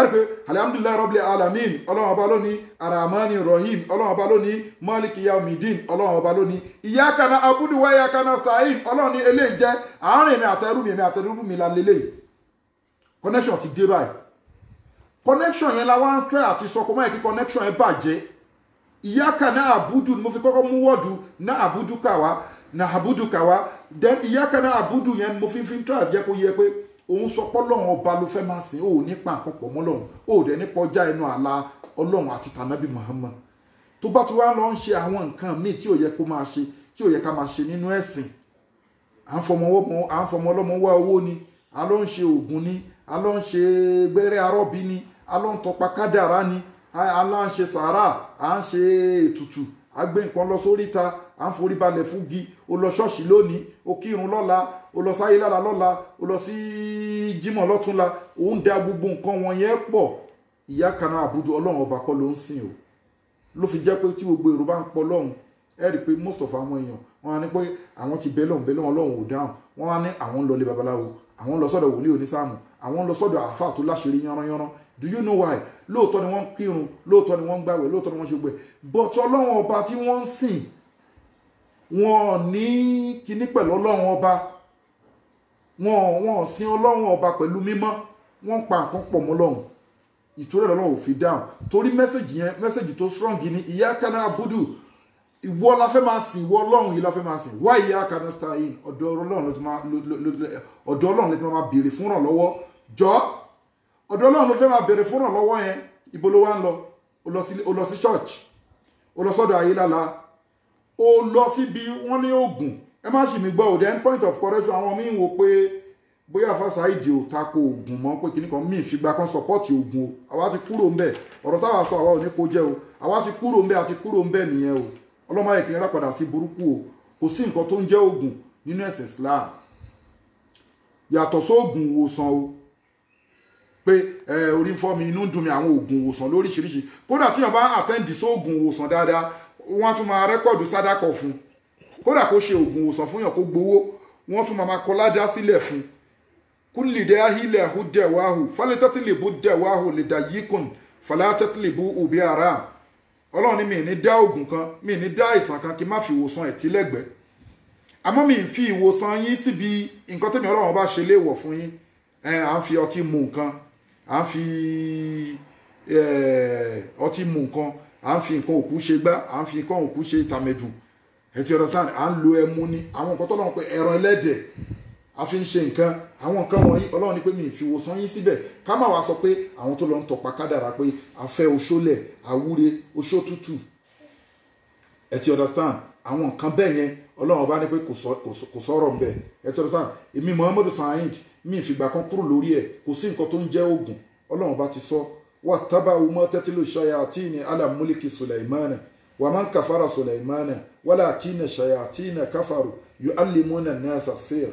ẹ̀rọ pé alihamudulilayi rọ́bìlì alamin ọlọ́run ọba lónìí aramani rahim ọlọ́run ọba lónìí malik yaumidin ọlọ́run ọba lónìí abudu wa ìyákanna sahim ọlọ́run ní eléyìí jẹ́ àárín mi àtẹrù mi àtẹrù ti dé báyìí connection yẹn la wá ń àti sọ kó má yẹ abudu mo fi kọ́kọ́ abudu na abudu then abudu yẹn mo fi fi ń àti òun sọ pé ọlọ́run ọba ló fẹ́ máa sìn ó nípa àkọ́pọ̀ mọ́ ọlọ́run ó dẹ̀ ní kọjá ẹnu àlà ọlọ́run àti tànàbí Muhammad tó bá ti wá lọ ń ṣe àwọn nǹkan míì tí ò yẹ kó máa ṣe tí ò yẹ ká máa ṣe nínú ẹ̀sìn à ń fọmọ ọlọ́mọ wá owó ni a lọ ń ṣe oògùn ni a lọ ń ṣe gbẹ́rẹ́ arọ́bí ni a lọ ń tọpa kádàrá ni a lọ ń ṣe sàárà à ń ṣe ètùtù a gbé nǹkan lọ sóríta à ń forí balẹ̀ fún gi o lọ ṣọ́ọ̀ṣì lónìí o kírun lọ́la o lọ sáyé lára lọ́la o lọ sí jímọ̀ lọ́túnla o ń da gbogbo nǹkan wọn yẹn pọ̀ ìyá kaná àbújọ ọlọ́run ọba kọ́ ló ń sìn o ló fi jẹ́ pé tí gbogbo èrò bá ń pọ̀ lọ́hùn ẹ rí i pé most of àwọn èèyàn wọ́n á ní pé àwọn ti bẹ́lọ̀ bẹ́lọ̀ ọlọ́run ò dáhùn wọ́n á ní àwọn ń lọ lé babaláwo àwọn ń lọ sọ́dọ̀ wòlíì onísáàmù àwọn ń lọ sọ́dọ̀ àáfàá tó láṣìírí yánranyánran do you know why lóòótọ́ ni wọ́n ń kírun lóòótọ́ ni wọ́n ń gbàwẹ̀ lóòótọ́ ni wọ́n ṣe gbẹ̀ but ọlọ́run ọba tí wọ́n ń sìn wọn ní kinní pẹ̀lú ọlọ́run ọba wọn wọn sin ọlọ́run ọba pẹ̀lú mímọ́ wọn pa nǹkan pọ̀ mọ́ lọ́hùn ìtorí ọlọ́run ò fi dáhùn torí mẹ́sẹ̀gì yẹn mẹ́sẹ̀gì tó strong ni ìyá kana abudu ìwọ la fẹ́ máa sìn ìwọ ọlọ́run yìí la fẹ́ máa sìn wá ìyá kaná stein ọ̀dọ̀ ọlọ́run ló ti máa ọ̀dọ̀ ọlọ́run ló ti máa béèrè fún ràn lọ́wọ́ jọ ọ̀dọ̀ ọlọ́run ló fẹ́ máa béèrè fún ràn yẹn ibo ló wá ń lọ o lọ sí church o lọ sọ́dọ̀ ayélálá ó lọ síbi wọ́n ní oògùn ẹ má sì mí gbọ́ òde end point of correction àwọn míì wò pé bóyá fásá ìdí ò tako oògùn mọ́ pé kìnnìkan míì fìgbà kan sọ́pọ́ọ̀tì oògùn o àwa ti kúrò ńbẹ̀ ọ̀rọ̀ táwa sọ àwa ò ní kó jẹ́ o àwa ti kúrò ńbẹ̀ àti kúrò ńbẹ̀ nìyẹn o ọlọ́mọ ayé kìnnìkan padà sí burúkú o kò sí nǹkan tó ń jẹ́ oògùn nínú ẹ̀sìn Islam yàtọ̀ sóògùn ìwòsàn o pé ẹ orí ń fọ́ mi inú ń dùn mi àwọn oògùn ìwòsàn lóríṣiríṣi kódà tíyàn bá àtẹ́ǹdì sóògùn ìwòsàn dáadáa wọ́n á tún máa rẹ́kọ̀dù sádàkọ̀ fún kódà kó ṣe oògùn òsàn fún yàn kó gbowó wọ́n tún máa kọ ládá sílẹ̀ fún kúlì dẹ́ ahílẹ̀ hù dẹ̀ wáhù fálẹ́tẹ́tìlìbù dẹ̀ wáhù lè dà yí kùn fálẹ́tẹ́tìlìbù òbí ara ọlọ́run ni mi ní dá oògùn kan mi ní dá àìsàn kan kí n má fi ìwòsàn ẹ̀ tí lẹ́gbẹ̀ẹ́ àmọ́ mi ń fi ìwòsàn yín síbi nǹkan tẹ́mi ọlọ́run bá ṣe léèwọ̀ fún yín à ń fi ọtí mu nǹkan à ń fi ọtí mu nǹkan à ń fi nǹkan òkú ṣe gbá à ń fi nǹkan òkú ṣe ìtàmẹ̀dùn ẹ ti understand à ń lo ẹmu ni àwọn nǹkan tọ́lọ́run pé ẹran ẹlẹ́dẹ̀ a fi ń ṣe nǹkan àwọn nǹkan wọ̀nyí ọlọ́run ni pé mi fi wòsàn yín síbẹ̀ ká má wàá sọ pé àwọn tó lọ ń tọpa kádàrà pé a fẹ́ oṣólẹ̀ àwúre oṣó tútù ẹ ti understand àwọn nǹkan bẹ́ẹ̀ yẹn ọlọ́run bá ní pé kò sọ̀rọ̀ ń bẹ̀ ẹ ti understand èmi Muhammadu Saheed mi ìfìgbà kan kúrò lórí ẹ̀ kò sí nǹkan tó ń jẹ́ oògùn ọlọ́run bá ti sọ واتبعوا ما تتلو الشياطين على ملك سليمان ومن كفر سليمان ولكن الشياطين كفروا يعلمون الناس السير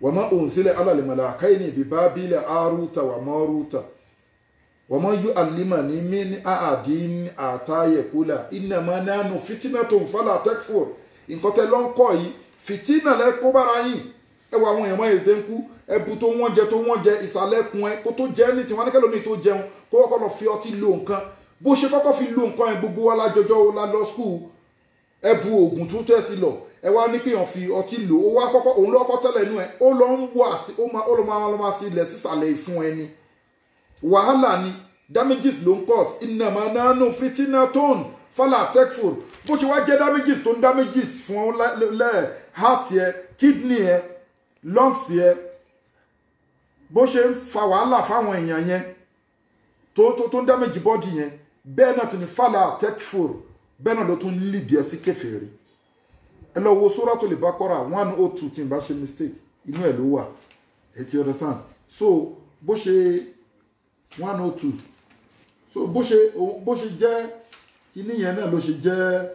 وما أنزل على الملائكين ببابل آروت وماروت ومن يعلمني من أحد حتى يقول إنما نحن فتنة فلا تكفر إن قتلون كوي فتنة لكبر ẹ wo àwọn èèyàn mọ́ èdè ń kú ẹbu tó wọ́n jẹ tó wọ́n jẹ ìsàlẹ̀ kun ẹ kó tó jẹ ní tiwọn ní kẹlòmíì tó jẹun kó kọ́kọ́ lọ fi ọtí lo nǹkan bó ṣe kọ́kọ́ fi lo nǹkan yẹn gbogbo wa lájọjọ́ o la lọ skul ẹbu oògùn tó tẹ̀ sí lọ ẹ wá ní kéèyàn fi ọtí lo ó wá kọ́kọ́ òun lọ́kọ́ tẹ́lẹ̀ inú ẹ ó lọ ń wọ àsì ó máa lọ́ máa lọ́ máa sí ilẹ̀ sísàlẹ̀ ìfun ẹni wàhálà ni damages ló ń cause ìnàmọ́ náà nù fitinah tone fala tekfur bó ṣe wá jẹ́ damages tó ń damages fún ọ́ lẹ́ẹ̀ heart yẹ kidney yẹ lungs yẹ bó ṣe ń fa wàhálà fáwọn èèyàn yẹn tó tó tó ń damage body yẹn bẹ́ẹ̀ náà tún ní fàlà tekfur bẹ́ẹ̀ náà ló tún lead ẹ sí kèfèrí ẹ lọ wo Suratul Baqara one oh two tí n bá ṣe mistake inú ẹ̀ ló wà ẹ ti understand so bó ṣe one oh two so bó ṣe bó ṣe jẹ́ kíní yẹn náà ló ṣe jẹ́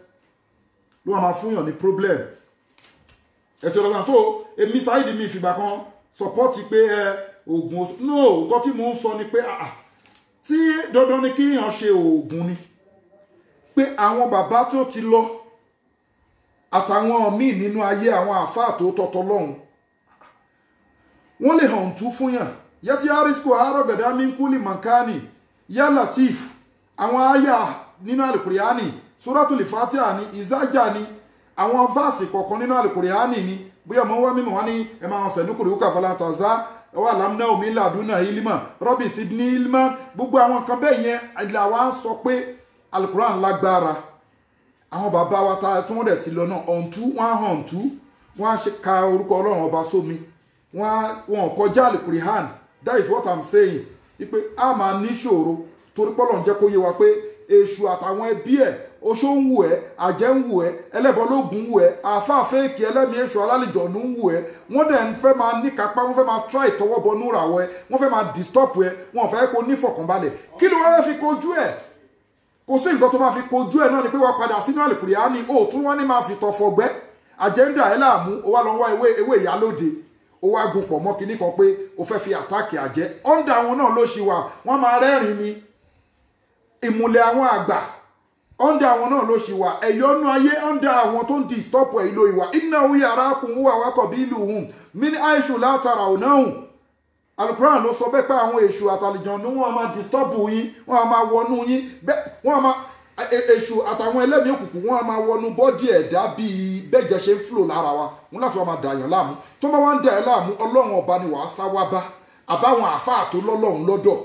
ló máa fún yàn ní problem ẹ̀tì ọ̀dọ̀ so èmi Saheed mi fìgbà kan sọpọ́ọ̀tì pé ẹ oògùn no nǹkan tí mò ń sọ ni pé àà tí dandan ni kéèyàn ṣe oògùn ni pé àwọn bàbá tó ti lọ àtàwọn míì nínú ayé àwọn àáfàá tó tọ̀tọ̀ lọ́hùn wọ́n lè hàn tú fún yàn yẹtí arisco arọ̀gẹ̀dẹ̀ aminkuli mankani ya latif àwọn aya nínú alukuriyani suratul fatiha ni izaja ni àwọn fáàsì kọ̀ọ̀kan nínú àlùkùránì ni bóyá ọmọ wa mímọ̀ wá ní ẹ máa fẹ̀ nukuri wúkà falantaza wà lámúná omi làdúnà ilmà rọ́bì sídìní ilmà gbogbo àwọn nǹkan bẹ́ẹ̀ yẹn ìlà wa ń sọ pé àlùkùránì lágbára àwọn bàbá wa ta tí wọ́n dẹ̀ ti lọ náà ọ̀ǹtú wọ́n á hàn ọ̀ǹtú wọ́n á ka orúkọ ọlọ́run ọba sómi wọ́n á kọjá àlùkùránì that is what i'm saying wípé a máa níṣòro torí pé Ọlọ́run jẹ́ kó yé wa pé èṣù àtàwọn ẹbí ẹ̀ oṣó ń wù ẹ́ àjẹ́ ń wù ẹ́ ẹlẹ́bọlógún wù ẹ́ àáfàá fẹ́ẹ̀kì ẹlẹ́mìí èṣù alálìjọ̀nù ń wù ẹ́ wọ́n dẹ̀ ń fẹ́ máa níkapá wọ́n fẹ́ máa try ìtọwọ́bọ núra wọ ẹ wọ́n fẹ́ máa disturb ẹ wọ́n fẹ́ kó nífọ̀kànbalẹ̀ kí ló wá fi kojú ẹ̀ kò sí nǹkan tó máa fi kojú ẹ̀ náà ni pé wàá padà sínú àlùkùránì ó tún wọ́n ní máa fi tọ̀fọ̀ gbẹ́ àjẹ́ńdà ẹ̀ láàmú ó wá lọ wá ewé ewé ìyálóde ó wá gun pọ̀ mọ́ kinní kan pé ó fẹ́ fi àtàkì àjẹ́ ọ̀ǹda àwọn náà ló ṣì wà wọ́n máa rẹ́rìn-ín ni ìmùlẹ̀ àwọn àgbà Under àwọn náà ló ṣì wà ẹ̀yọ́nú ayé ọ̀ndà àwọn tó ń di ìstọ́pù ẹ̀ ìlò ìwà iná wí arákùn wúwà wákọ̀ bí ìlú hùn mí ní àìṣù látara ọ̀nà hùn alukuran ló sọ bẹ́ẹ̀ pé àwọn èṣù àtàlìjọ̀nú wọn máa dìstọ́pù yín wọn máa wọnú yín wọn máa èṣù àtàwọn ẹlẹ́mìí òkùnkùn wọn máa wọnú bọ́dì ẹ̀dá bíi bẹ́ẹ̀jẹ̀ ṣe ń flò lára wa wọn láti wọn máa dàyàn láàmú tó bá wá ń dà ẹ́ láàmú ọlọ́run ọba ni wàá sá wá bá àbáwọn àáfàá tó lọ́lọ́run lọ́dọ̀ọ́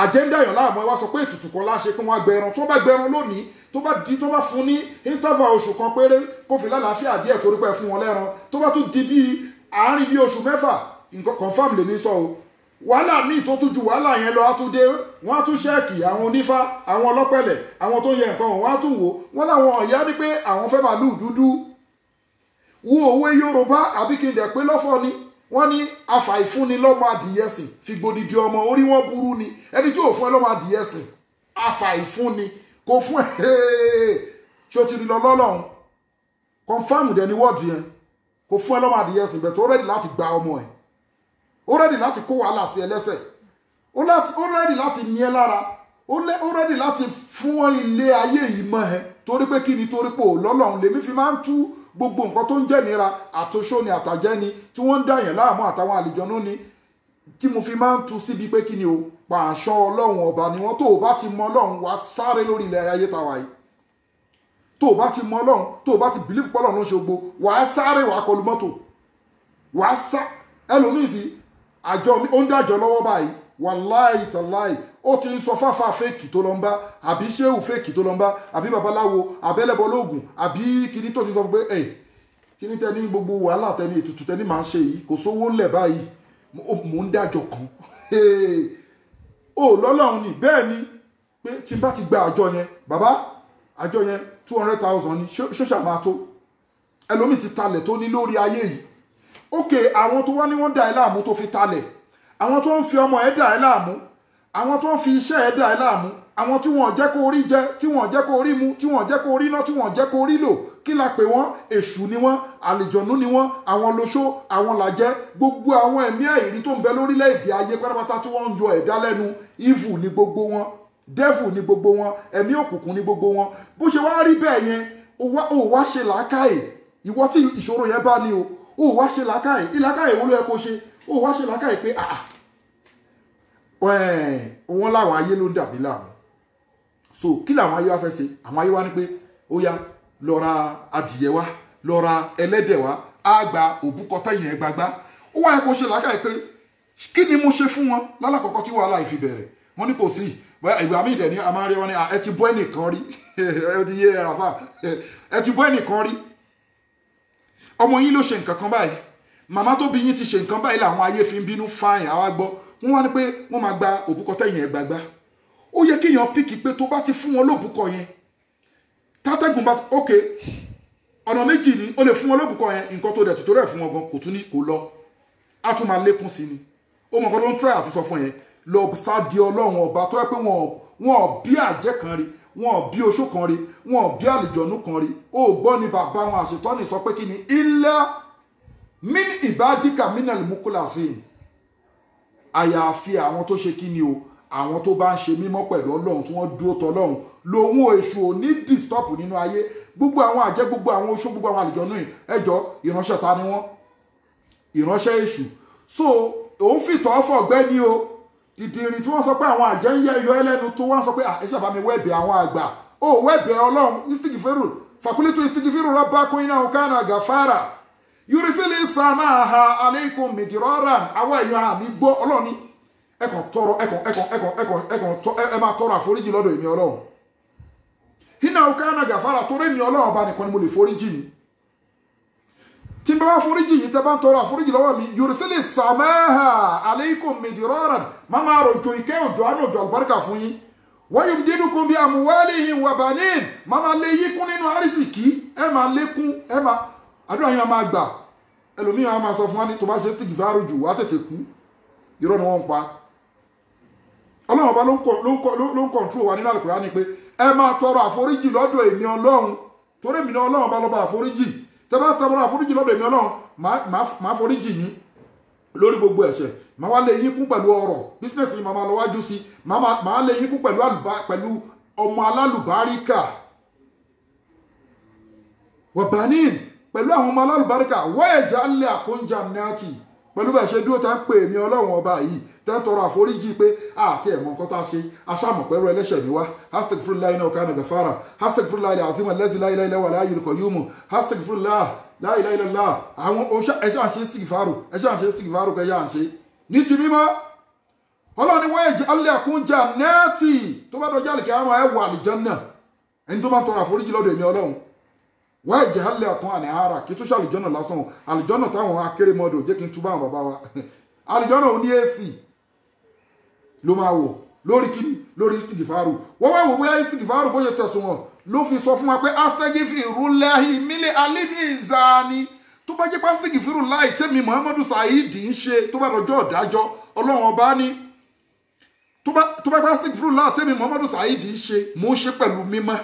àjẹ́ndà yàn láàmú ẹ wá sọ pé ètùtù kan láṣẹ pé wọ́n á gbẹran tí wọ́n bá gbẹran lónìí tó bá di tó bá fún ní interval oṣù kan péré kó fi lálàáfíà díẹ̀ torí pé fún wọn lẹ́ran tó bá tún di bíi àárín bíi oṣù mẹ́fà nǹkan confam lèmi sọ o wàhálà míì tó tún ju wàhálà yẹn lọ á tún dé wọ́n á tún ṣẹ́ẹ̀kì àwọn onífá àwọn ọlọ́pẹ̀lẹ̀ àwọn tó ń yẹ nǹkan wọ́n á tún wò wọ́n láwọn ọ̀yá ní pé àwọn fẹ́ màlúù dúdú wo òwe Yorùbá àbí kí n dẹ̀ pé lọ́fọ̀ ni wọ́n ní afàìfúnni lọ́mọ adìyẹ sìn fìgbòdìdì ọmọ orí wọn burú ni ẹni tí ò fún ẹ lọ́mọ adìyẹ sìn afàìfúnni kò fún ẹ ṣé o ti rí lọ lọ́lọ́run kọ́nfàmù dẹ ni wọ́ọ̀dù yẹn kò fún ẹ lọ́mọ adìyẹ sìn bẹ̀tẹ̀ ó rẹ́dì láti gba ọmọ ẹ̀ ó rẹ́dì láti kó wàhálà sí ẹ ó rẹ́dì láti ní ẹ lára ó rẹ́dì láti fún ilé ayé yìí mọ́ ẹ torí pé kí ni torí pé òun lọ́lọ́run lèmi fi máa ń tú gbogbo nǹkan tó ń jẹ́ nira àtúnṣó ni àtàjẹ́ ni tí wọ́n ń dà yẹn láàmú àtàwọn àlìjọ́nú ni tí mo fi máa ń tu síbi pé kí ni o pàṣọ ọlọ́run ọba ni wọ́n tó o bá ti mọ ọlọ́run wá sáré lórí ilẹ̀ ayé ta wáyé tó o bá ti mọ ọlọ́run tó o bá ti bìlífù pọ́lọ́run ló ń ṣe gbogbo wàá sáré wàá kọlu mọ́tò wàá sá ẹlòmíì sí àjọ ó ń dájọ́ lọ́wọ́ báyìí wàláì tàláì ó ti ń sọ fáfá fèkì tó lọ ń bá àbí ṣéwù fèkì tó lọ ń bá àbí babaláwo àbẹ́lẹ́bọ lóògùn àbí kíní tó ti sọ pé ẹ̀ kíní tẹ ní gbogbo wàhálà tẹ ní ètùtù tẹ ní màá ṣe yìí kò sówó ńlẹ̀ báyìí mò ń dájọ kan ó lọ́lọ́run ni bẹ́ẹ̀ ni pé tí n bá ti gba àjọ yẹn bàbá àjọ yẹn two hundred thousand ni ṣóṣà máa tó ẹlòmíì ti talẹ̀ tó ní lórí ayé yìí ókè àwọn tó wá ní wọ́n dà ẹ́ láàmú tó fi talẹ̀ àwọn tó ń fi ọmọ ẹ̀ dà ẹ́ láàmú àwọn tó ń fi iṣẹ́ ẹ dà ẹ́ láàmú àwọn tí wọ́n jẹ́ kó rí jẹ tí wọ́n jẹ́ kó rí mu tí wọ́n jẹ́ kó rí ná tí wọ́n jẹ́ kó rí lò kí la pè wọ́n èṣù ni wọ́n àlìjọ̀nú ni wọ́n àwọn loṣó àwọn làjẹ́ gbogbo àwọn ẹ̀mí àìrí tó ń bẹ lórílẹ̀‐èdè ayé pátápátá tí wọ́n ń yọ ẹ̀dá lẹ́nu evil ni gbogbo wọn devil ni gbogbo wọn ẹ̀mí òkùnkùn ni gbogbo wọn bó ṣe wá rí bẹ́ẹ̀ yẹn ò wá ṣe làákàyè ìwọ tí ìṣòro yẹn bá ní o ò wá ṣe làákàyè ìlàákàyè wo ló yẹ kó ṣe ò wá ṣe làákàyè pé àà wọ́n láwọn ayé ló dàbí láàmú so kí làwọn ayé wa fẹ́ ṣe àwọn ayé wa ní pé ó yá lọ ra adìyẹ wa lọ ra ẹlẹ́dẹ̀ wa á gba òbúkọtẹ́ yẹn gbagbá ó wáyé kó ṣe làákàyè pé kí ni mo ṣe fún wọn lálàkọ́kọ́ tí wàhálà yìí fi bẹ̀rẹ̀ wọ́n ní kò sí ìgbà míì dẹ̀ ní a máa rí wọn ní ẹ ti bọ́ ẹnìkan rí ẹ ti yé àfà ẹ ti bọ́ ẹnìkan rí ọmọ yín ló ṣe nǹkan kan báyìí màmá tó bí yín ti ṣe nǹkan báyìí làwọn ayé fi ń bínú fáyìn àwa gbọ́ wọ́n wá ní pé wọ́n máa gba òbúkọ tẹ́yìn ẹ̀ gbàgbá ó yẹ kéèyàn píkì pé tó bá ti fún wọn lóbùkọ yẹn tátẹ́gùn bá ok ọ̀nà méjì ni ó lè fún wọn lóbùkọ yẹn nǹkan tó dẹ̀ tó tó rẹ̀ fún wọn gan kò tún ní kò lọ á tún máa lékún sí ni ó mọ̀ nǹkan tó ń try àtúnṣọ fún yẹn lọ sáde ọlọ́run ọba tó yẹ pé wọn ò bí àjẹ́ kan rí wọn ò bí oṣó kan rí wọn ò bí àlìjọ̀nú kan rí ó gbọ́ ni bàbá wọn àṣetọ́ni sọ pé kí ni ilẹ̀ min ibadika min al-mukhlasin àyàfi àwọn tó ṣe kí ni o àwọn tó bá ń ṣe mímọ́ pẹ̀lú ọlọ́run tí wọ́n dúró tọ́ ọlọ́run lòun ò èṣù ò ní distop nínú ayé gbogbo àwọn àjẹ́ gbogbo àwọn oṣó gbogbo àwọn àlejò náà ẹjọ́ ìránṣẹ́ ta ni wọ́n ìránṣẹ́ èṣù so òun fìtọ́ fọ̀gbẹ́ ni o dìdìrì tí wọ́n sọ pé àwọn àjẹ́ ń yẹ yọ ẹlẹ́nu tó wọ́n sọ pé ẹ ṣàbá mi wẹ́ẹ̀bẹ̀ àwọn àgbà ó wẹ́ẹ̀bẹ̀ ọlọ́run istigifero fàkúlẹ́tò istigifero rábákóyin náà kánà gàfárà yorùsílẹ̀ sàmà ha aleikum mìdírọ́rà àwọn èèyàn àmì gbọ́ ọlọ́ni ẹkàn tọrọ ẹkàn ẹkàn ẹkàn ẹkàn ẹkàn tọrọ àforíjì lọ́dọ̀ èmi ọlọ́run hinna ọkà náà gàfàrà torí èmi ọlọ́run ọba nìkan ni mo lè foríjì yìí n bá wá foríjì mi ha aleikum mìdírọ́rà máa máa rọ̀jò ike òjò àná òjò àlùbáríkà fún wọ́n yóò bí yíkún nínú àrísìkí àdúrà yẹn a máa gbà ẹlòmíì a máa sọ fún wa ní tó bá ṣe stíkì fáàrù jù wá tètè kú irọ́ ni wọ́n ń pa ọlọ́run ọba ló ń kọ̀ǹtró wa nínú àlùkùránì pé ẹ máa tọrọ àforíjì lọ́dọ̀ èmi ọlọ́run torí èmi náà ọlọ́run ọba lọ́ba àforíjì tẹ bá tọrọ àforíjì lọ́dọ̀ èmi ọlọ́run máa foríjì yín lórí gbogbo ẹ̀ṣẹ̀ màá wá lé yín kún pẹ̀lú ọrọ̀ bísínẹ́sì yìí màá máa lọ wájú sí màá lé yín kún pẹ̀lú ọmọ alálùbáríkà wọ̀bánìn pẹ̀lú àwọn ọmọ alálùbáríkà wọ́ẹ̀jà ńlẹ̀ àkóńjà náàtì pẹ̀lú bá ṣe dúró tá ń pè mí ọlọ́run ọba yìí tẹ́ ń tọrọ àforíjì pé àti ẹ̀mọ́ nǹkan tá a ṣe aṣáàmù pẹ̀lú ẹlẹ́ṣẹ̀ mi wá hashtag furuláyé náà kánà gàfárà hashtag furuláyé azeem alẹ́sìn láyé lẹ́wà láyé olùkọ́ yóò mú hashtag furuláyé láyé lẹ́lá àwọn ẹṣẹ́ àṣẹ stick faro ẹṣẹ́ àṣẹ stick faro kẹ́ yá à ń ṣe. ọlọ́ni wọ́n ẹ̀jẹ̀ alẹ́ àkúnjà nẹ́ẹ̀tì tó bá dọjọ́ àlìkẹ́ àwọn ẹ̀wọ̀ àlìjẹ́ náà ẹni tó bá tọrọ àforíjì lọ́dọ̀ èmi wá ẹ̀jẹ̀ hálẹ̀ àtún àní ara kí tó ṣe àlùjọ́nà lásán o àlùjọ́nà táwọn akérèmọdò jẹ́ kí n túbọ̀ àwọn bàbá wa àlùjọ́nà ò ní èsì ló máa wọ̀ lórí kíni lórí istigifaru wọ́n wá wò bóyá istigifaru bóyá tẹ̀sùn wọn ló fi sọ fún wa pé astegi firullahi mílẹ̀ alimi ìzani tó bá jẹ́ pé astegi firullahi tẹ́mi muhammadu saheed ń ṣe tó bá dọjọ́ ọ̀dájọ́ ọlọ́run ọba ní tó bá plastic fruit láàtẹ́mi muhammadu saheed ṣe mo ṣe pẹ̀lú mímọ́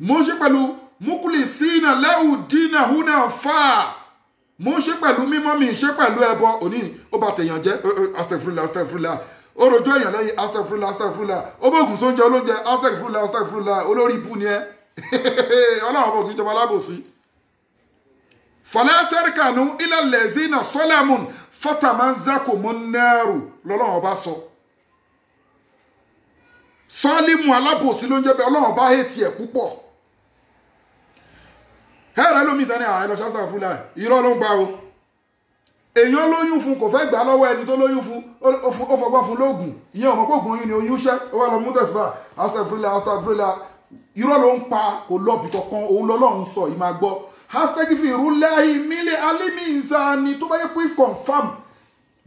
mo ṣe pẹ̀lú mukulisina lẹ́hùn dínà húnà fáà mo ń ṣe pẹ̀lú mímọ́ mi ń ṣe pẹ̀lú ẹbọ òní ó bá tèèyàn jẹ́ eh, eh, astagfirullah astagfirullah ó rojọ́ èèyàn lẹ́yìn astagfirullah astagfirullah ó bóògùn sóúnjẹ olóúnjẹ astagfirullah astagfirullah olórí ibú ni ẹ ọlọ́run bò kí ìjọba alábòsí. fọlẹ́ tẹ́ríkànú ilẹ̀ lẹ́sìn náà sọ́lẹ́mùn fọ́tàmánzákò mọ́ náírù lọ́lọ́run ọba sọ. sọ́ọ́límù alábòsí ló ń jẹ́ bẹ́ẹ̀ ọlọ́run ọba hẹ́ẹ̀tì ẹ̀ púpọ̀ ẹ̀rẹ́ lómi ìtàn ní àwọn ẹlọ́ṣà sàn fúnra irọ́ ló ń gbà o èèyàn lóyún fún kò fẹ́ gbà lọ́wọ́ ẹni tó lóyún fún ó fọgbọ́n fún lóògùn ìyẹn ọmọ kóògùn yìí ni oyún ṣẹ́ ó wà lọ mú tẹ̀sífà astagfirila astagfirila irọ́ ló ń pa kò lọ bìtọ̀ kan òun lọ́lọ́run sọ yìí máa gbọ́ hashtag fi rúlẹ́hìn mílẹ̀ alimi ìzani tó bá yẹ pé confam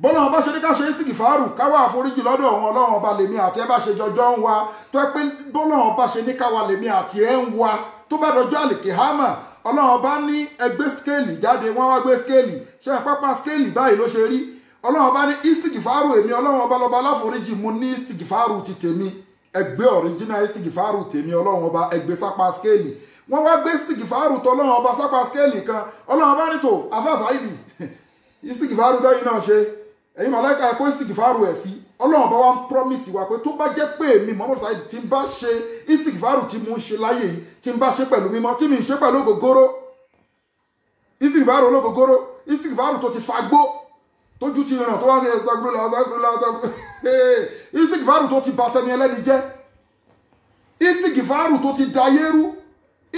bọ́lá wọn bá ṣe ní ká ṣe ísìkì fàárù káwá àforíjì lọ́dọ̀ wọn ọlọ́run ọba lèmi àti ẹ bá ṣe jọjọ́ ń wa tó ẹ pé bọ́lá wọn bá ṣe ní káwa lèmi àti ẹ ń wa tó bá dọjọ́ àlèkè hámà ọlọ́run bá ní ẹgbẹ́ skéèlì jáde wọ́n wá gbé skéèlì ṣe pápá skéèlì báyìí ló ṣe rí ọlọ́run bá ní istigifaru èmi ọlọ́run ọba lọ́ba aláforíjì mo ní istigifaru ti tèmi ẹgbẹ́ original istigifaru tèmi ọlọ́run ọba ẹgbẹ́ sápá skéèlì wọ́n wá gbé istigifaru tó ọlọ́run ọba sápá skéèlì kan ọlọ́run bá ní tò afáàsáìdì istigifaru dẹ́yìn náà ṣe ẹ̀yin màláìka ẹ̀kọ́ istigifaru ẹ̀ sí ọlọ́run bá wa ń promise wa pé tó bá jẹ́ pé èmi Muhammad Saheed tí n bá ṣe istikvaru tí mo ń ṣe láyé yìí tí n bá ṣe pẹ̀lú mímọ́ tí mi ń ṣe pẹ̀lú ògógóró istikvaru ológógóró istikvaru tó ti fagbó tójú ti ràn tó wá ní ẹ̀sàgbélé ẹ̀sàgbélé ẹ̀sàgbélé istikvaru tó ti bàtẹ́ni ẹlẹ́ni jẹ́ istikvaru tó ti dayérú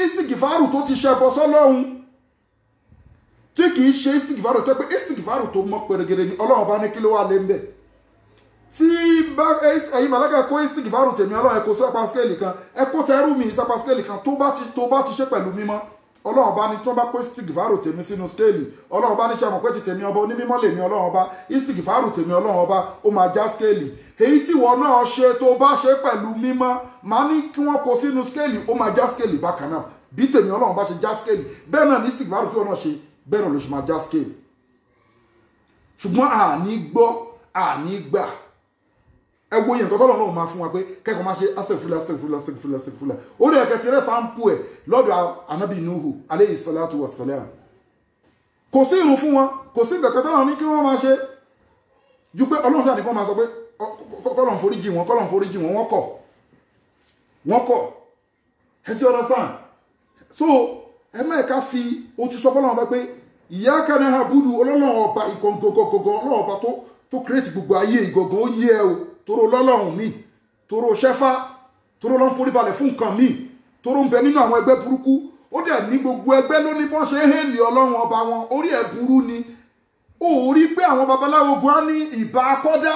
istikvaru tó ti ṣẹbọ sọ́lọ́hun tí kì í ṣe istikvaru tó pé istikvaru tó mọ́ pẹ̀rẹ̀gẹ̀rẹ̀ ni ọlọ́run bá ní kí ló wà lé ń bẹ̀ tí ẹ̀yin màláka kó istik fárò tèmi ọlọ́run ẹ kó sápá skéèlì kan ẹ kó tẹrú mi sápá skéèlì kan tó bá ti tó bá ti ṣe pẹ̀lú mímọ́ ọlọ́run bá ní tí wọ́n bá kó istik fárò tèmi sínú skéèlì ọlọ́run bá ní sàmọ̀ pé ti tèmi ọba onímọ̀ lèmi ọlọ́run ọba istik fárò tèmi ọlọ́run ọba ó máa já skéèlì èyí tí wọ́n náà ṣe tó bá ṣe pẹ̀lú mímọ́ màá ní kí wọ́n kó sínú skéèlì ó máa já skéèlì bákan náà bí tèmi ọlọ́run bá ṣe já skéèlì bẹ́ẹ̀ náà ní istik fárò tí wọ́n náà ṣe bẹ́ẹ̀ náà skéèlì ṣùgbọ́n àní gbọ́ àní gbà ẹ wo yẹn tọ́tọ́ lọ́nà máa fún wa pé kẹ́kọ̀ọ́ máa ṣe astagfula astagfula astagfula astagfula ó dẹ̀ kẹ́tì rẹ̀ sáńpù ẹ̀ lọ́dọ̀ anabi nuhu aleyhi salatu wa salam kò sí irun fún wọn kò sí nǹkan tọ́tọ́ lọ́nà ní kí wọ́n máa ṣe ju pé ọlọ́run sáà ní kí wọ́n máa sọ pé kọ́lọ̀n foríjì wọn kọ́lọ̀n foríjì wọn wọ́n kọ̀ wọ́n kọ̀ ẹ ti ọ̀rọ̀ sáà so ẹ má ẹ̀ka fi o ti sọ fọ́lọ́run bá pé ìyá kanáà budu ọlọ́run ọba ìkọ̀ǹkọ̀ǹkọ̀ǹkọ̀ ọlọ́run ọba tó create gbogbo ayé ìgọ̀gàn ó yé ẹ o toro lọ́lọ́run míì toro ṣẹ́fá toro ló ń foríbalẹ̀ fún nǹkan míì toro ń bẹ nínú àwọn ẹgbẹ́ burúkú ó dẹ̀ ní gbogbo ẹgbẹ́ ló ní bọ́n ṣe hélì ọlọ́run ọba wọn orí ẹ̀ burú ni ó rí pé àwọn babaláwo gan ní ìbá akọ́dá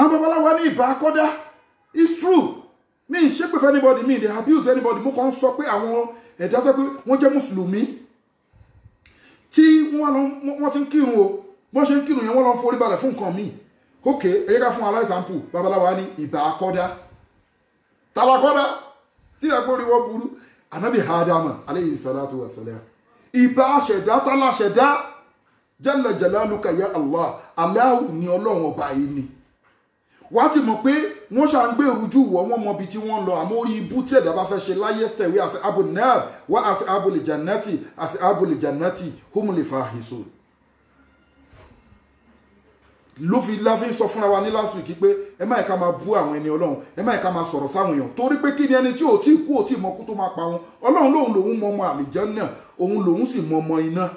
àwọn babaláwo ní ìbá akọ́dá it's true mi ì ṣépè fún anybody mi ì dey abuse anybody mo kàn ń sọ pé àwọn ẹ̀dá tó pé wọ́n jẹ́ mùsùlùmí tí wọ́n ti ń kírun o bọ́n ṣe ń kírun yẹn wọ́n lọ ń forí balẹ̀ fún nǹkan míì ok ẹ̀yẹ́ ká fún aláìsàmpù babaláwa ní ìbà akọ́dá tàlàkọ́dá tí ẹ̀ kórè wọ́n burú anabi hadama aleyhi salatu wa salam ìbà ṣẹ̀dá tàlà ṣẹ̀dá jalla jalaluka ya allah aláwù ni ọlọ́run ọba yìí ni wàá ti mọ̀ pé wọ́n ṣà ń gbé ìrújú wọ̀ wọ́n mọ ibi tí wọ́n lọ àmọ́ orí ibú tí ẹ̀dá bá fẹ́ ṣe láyé stẹ̀wé àti abunab wá àti abulìjànátì àti abulìjànátì humulifahison ló fi láfi sọ fúnra wa ní last week pé ẹ má ìka máa bú àwọn ẹni ọlọ́run ẹ má ìka máa sọ̀rọ̀ sáwọn èèyàn torí pé kí ni ẹni tí ò tí kú ò tí mọ kú tó máa pa wọn ọlọ́run lòun lòun mọ ọmọ àlìjànnà òun lòun sì mọ ọmọ iná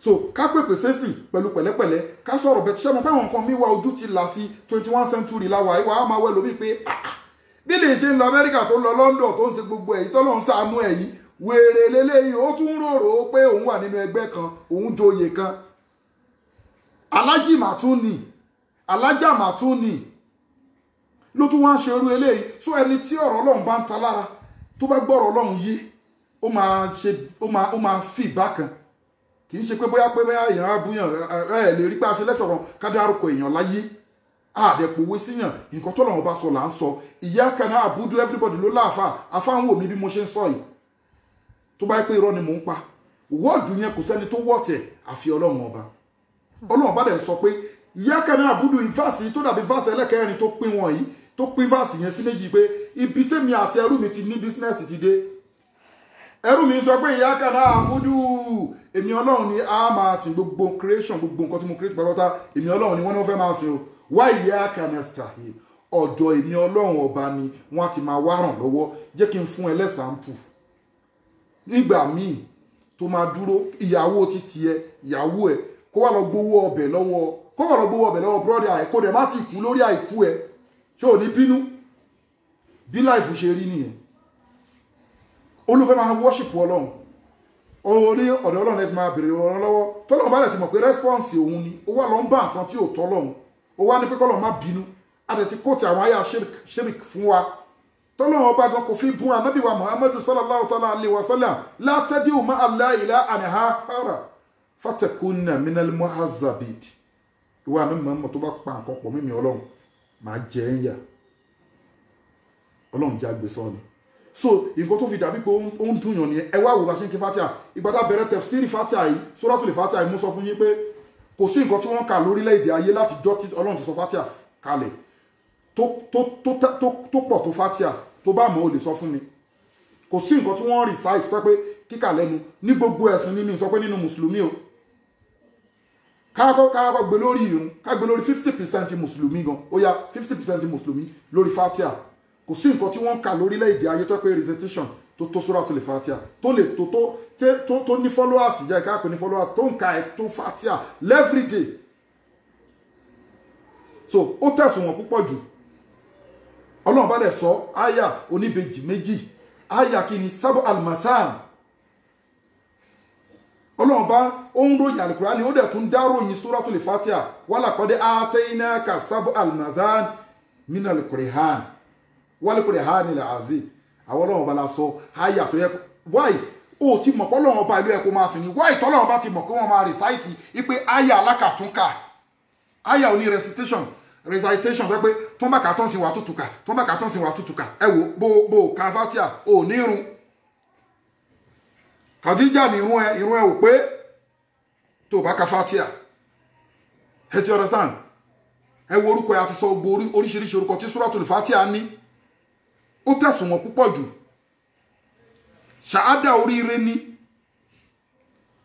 so ká pèpè sẹ́sìn pẹ̀lú pẹ̀lẹ́pẹ̀lẹ́ ká sọ̀rọ̀ bẹ́ẹ̀ ṣé mo báwọn nǹkan mi wá ojú ti là sí twenty one century la wà ìwà á máa wẹ̀ lómi pé ah, ah, bí lè ṣe ń lọ amẹ́ríkà tó ń lọ london tó ń ṣe gbogbo èyí tọ́lọ́run ṣàánú èyí wèrè lélẹ́yìn ó tún rò rò ó pé òun wà nínú ẹgbẹ́ kan òun joyè kan alájì mà tún ni alájà mà tún ni ló tún wá ṣe irú eléyìí so ẹni tí ọ̀rọ̀ ọlọ́run bá ń ta lára tó bá gbọ́rọ̀ ọlọ́run yé ó máa ṣe ó máa ó máa fi bákan kì í ṣe pé bóyá pé bóyá èèyàn abúyàn ẹ ẹ lè rí pé a ṣe lẹ́sọ̀rọ̀ ká dárúkọ èèyàn láyé àdẹ̀pòwe síyàn nǹkan tó lọ́wọ́ bá sọ là ń sọ ìyá kaná àbúdú everybody ló láàfà àfáwọn òmí bí mo ṣe ń sọ yìí tó bá yẹ pé irọ́ ni mò ń pa wọ́ọ̀dù yẹn kò sẹ́ni tó wọ́ọ̀tẹ̀ àfi ọlọ́run ọba ọlọ́run bá dẹ̀ sọ pé yákẹ́ni àbúdù ìfàsì tó dàbí fàsì ẹlẹ́kẹ̀rin tó pín wọn yìí tó pín fàsì yẹn sí méjì pé ibi tèmi àti ẹrú mi ti ní bísínẹ́sì ti dé ẹrú mi sọ pé yákẹ́ni àbúdù èmi ọlọ́run ni a máa sìn gbogbo creation gbogbo nǹkan tí mo create pàápàá èmi ọlọ́run ni wọ́n ní wọ́n fẹ́ máa sìn o wá yákẹ́ni ẹ̀sìtàhìn ọ̀dọ̀ èmi ọlọ́run ọba ni wọ́n á ti máa wá ràn lọ́wọ́ jẹ́ kí n fún ẹ lẹ́sàmpù nígbà míì tó máa dúró ìyàwó ti tiẹ̀ ìyàwó ẹ̀ kó wà lọ gbowó ọbẹ̀ lọ́wọ́ kó wà lọ gbowó ọbẹ̀ lọ́wọ́ brọ́dà ẹ̀ kó dẹ̀ má ti kú lórí àìkú ẹ̀ ṣé ò ní bínú bí láìfù ṣe rí nìyẹn olùfẹ́ máa wọ́ṣìpù ọlọ́run orí ọ̀dọ̀ ọlọ́run ẹ̀fì máa bèrè ọ̀rọ̀ lọ́wọ́ tọ́lọ́run bá dẹ̀ ti mọ̀ pé rẹ́spọ́ǹsì òun ni ó wà lọ ń bá nǹkan tí ò tọ́ lọ́run ó wá ní pé kọ́lọ́run má bínú a dẹ̀ ti kóòtù àwọn àyà ṣírík fún wa tọ́lọ́run ọba gan kò fi bún anábìwá muhammadu sallallahu ta'ala wa sallam látẹ́dí aláìlá àníhá hàrà fatakunna minal muhazzabid ìwà mi mọ̀ mọ̀ to bá pa nǹkan pọ̀ mímì ọlọ́run màá jẹ ẹ́ ń yà ọlọ́run jẹ́ àgbèsọ́ ni so nǹkan to fi dàbí pé ó ń dùn yàn ni ẹ wá wò bá ṣe ń kí fatia ìgbà tá bẹ̀rẹ̀ tafsiri fatia yìí suratul fatia yìí mo sọ fún yín pé kò sí nǹkan tí wọ́n kà lórílẹ̀‐èdè ayé láti jọ́ tí ọlọ́run ti sọ fatia to to pọ̀ to fatia to bá mọ̀ ó lè sọ fún mi kò sí nǹkan tí wọ́n recite pé kíkà lẹ́nu ní gbogbo ẹ̀sìn ní mi sọ pé nínú mùsùlùmí o káàkọ́ gbé lórí irun ká gbé lórí fifty percent mùsùlùmí gan ó yá fifty percent mùsùlùmí lórí fatia kò sí nǹkan tí wọ́n ń kà lórílẹ̀‐èdè ayé tó pé recitation tó tó suratul fatia tó lè tó tó tó ní followers jẹ́ ká pè ní followers tó ń ka ẹ̀ tó fatia every day so ó tẹ̀sùn wọn púpọ̀ jù ọlọ́run bá dẹ̀ sọ aya oníbejì méjì aya kìíní sábọ̀ almasam ọlọ́run bá ó ń ròyìn ni ó dẹ̀ tún dá ròyìn suratul fatiha walakode atayina kasabu almazan minal kurihan walikurihan ilẹ̀ azi àwọn ọlọ́run bá la sọ àyà tó yẹ wáyé o ti mọ̀ pé ọlọ́run ọba ìlú ẹ̀kọ́ máa sìn ní wáyé tọ́lọ́run bá ti mọ̀ pé wọ́n máa rìsáìtì ipe àyà alákàtúnkà àyà òní recitation recitation pé pé tó ń wà tútùkà tó ń bá kàtọ́ǹsì wà tútùkà ẹ wo bó bó kavatia ò ní irun Khadija ni irun ẹ irun ẹ ò pé tó bá ka fatia ẹ ti understand ẹ wo orúkọ ẹ àti sọ gbogbo oríṣiríṣi orúkọ tí suratul fatia ní ó tẹ̀sùn wọn púpọ̀ jù ṣáádà oríire ni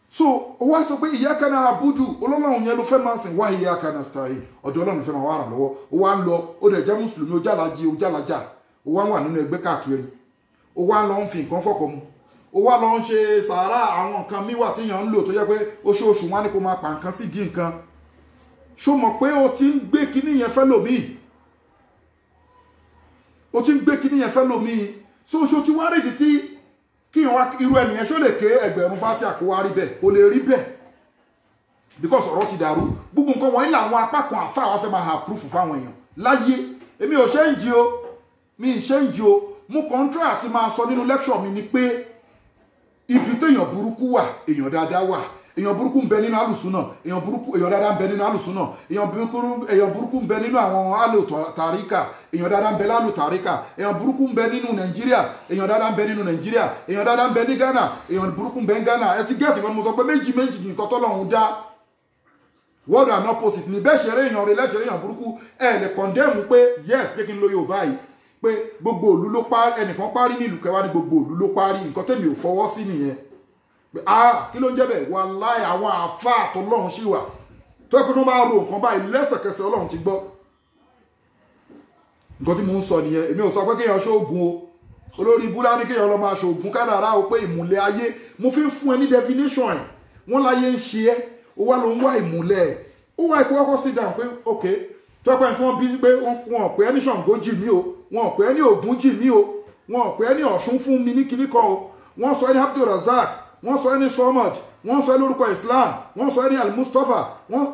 so ó wá sọ pé ìyá kan abudu ọlọ́run yẹn ló fẹ́ máa sìn wá ìyá kan náà sàyè ọ̀dọ̀ ọlọ́run fẹ́ máa wà rà lọ́wọ́ ó wá ń lọ ó dẹ̀ jẹ́ mùsùlùmí ó jàlájì ó jàlájà ó wá ń wà nínú ẹgbẹ́ káàkiri ó wá ń lọ ń mu ó wá lọ ń ṣe sàárà àwọn nǹkan míì wà tíyàn ń lò tó yẹ pé oṣooṣù wọn ni kò máa pa nǹkan sí di nǹkan ṣó mọ̀ pé o ti ń gbé kíní yẹn fẹ́ lòmíì o ti ń gbé kíní yẹn fẹ́ lòmíì ṣoṣo tí wọ́n rèjì tí kí wọn irú ẹnìyẹn ṣó lè ké ẹgbẹ̀rún fati àkówá rí bẹ́ẹ̀ kò lè rí bẹ́ẹ̀ because ọ̀rọ̀ ti dàrú gbogbo nǹkan wọ̀nyí làwọn apá kan àfa wa fẹ́ máa hà proof fáwọn èèyàn láyé èmi ò ṣe ń jí o mi ì ṣe ń jí o mo kàn àti máa sọ nínú lecture mi ni pé ibi téèyàn burúkú wà èèyàn dáadáa wà èèyàn burúkú ń bẹ nínú alùsùnà èèyàn burúkú èèyàn dáadáa ń bẹ nínú alùsùnà èèyàn burúkú èèyàn burúkú ń bẹ nínú àwọn alò tàríkà èèyàn dáadáa ń bẹ lálù tàríkà èèyàn burúkú ń bẹ nínú nàìjíríà èèyàn dáadáa ń bẹ nínú nàìjíríà èèyàn dáadáa ń bẹ ní ghana èèyàn burúkú ń bẹ ní ghana ẹ ti mo sọ pé méjì méjì nìkan tọ́lọ́run dá word and opposite ní bẹ́ẹ̀ ṣeré èèyàn rẹ̀ lẹ́ṣẹ̀rẹ̀ èèyàn burúkú ẹ lè condemn pé yes pé kí n lo yorùbá yìí pé gbogbo òlu ló parí ẹnìkan parí nílùú kẹwàá ní gbogbo òlu ló parí nǹkan tẹ̀mí ò fọwọ́ sí nìyẹn ah kí ló ń jẹ́ bẹ́ẹ̀ wàláì àwọn àáfàá tó lọ́run ṣì wà tó yẹ pé wọ́n máa ro nǹkan báyìí lẹ́sẹ̀kẹsẹ̀ ọlọ́run ti gbọ́ nǹkan tí mò ń sọ nìyẹn èmi ò sọ pé kéèyàn ṣoògùn o olórí búlá ní kéèyàn lọ máa ṣoògùn kádàrá o pé ìmùlẹ̀ ayé mo fi ń fún ẹ ní definition ẹ̀ wọ́n láyé ń ṣe ẹ́ ó wá ló ń wá ìmùlẹ̀ ẹ̀ ó wá ìkó sí dáhùn pé ok tó yẹ pé ẹni tí wọ́n bí pé wọ́n pè é ní ṣàǹgójì ní o wọn ò pè é ní Ògúnjì mi o wọn ò pè é ní Ọ̀ṣun fún mi ní kinní kan o wọ́n sọ ẹ́ ní Abdulrasaq wọ́n sọ ẹ́ ní Somad wọ́n sọ ẹ́ lórúkọ Islam wọ́n sọ ẹ́ ní Al-Mustapha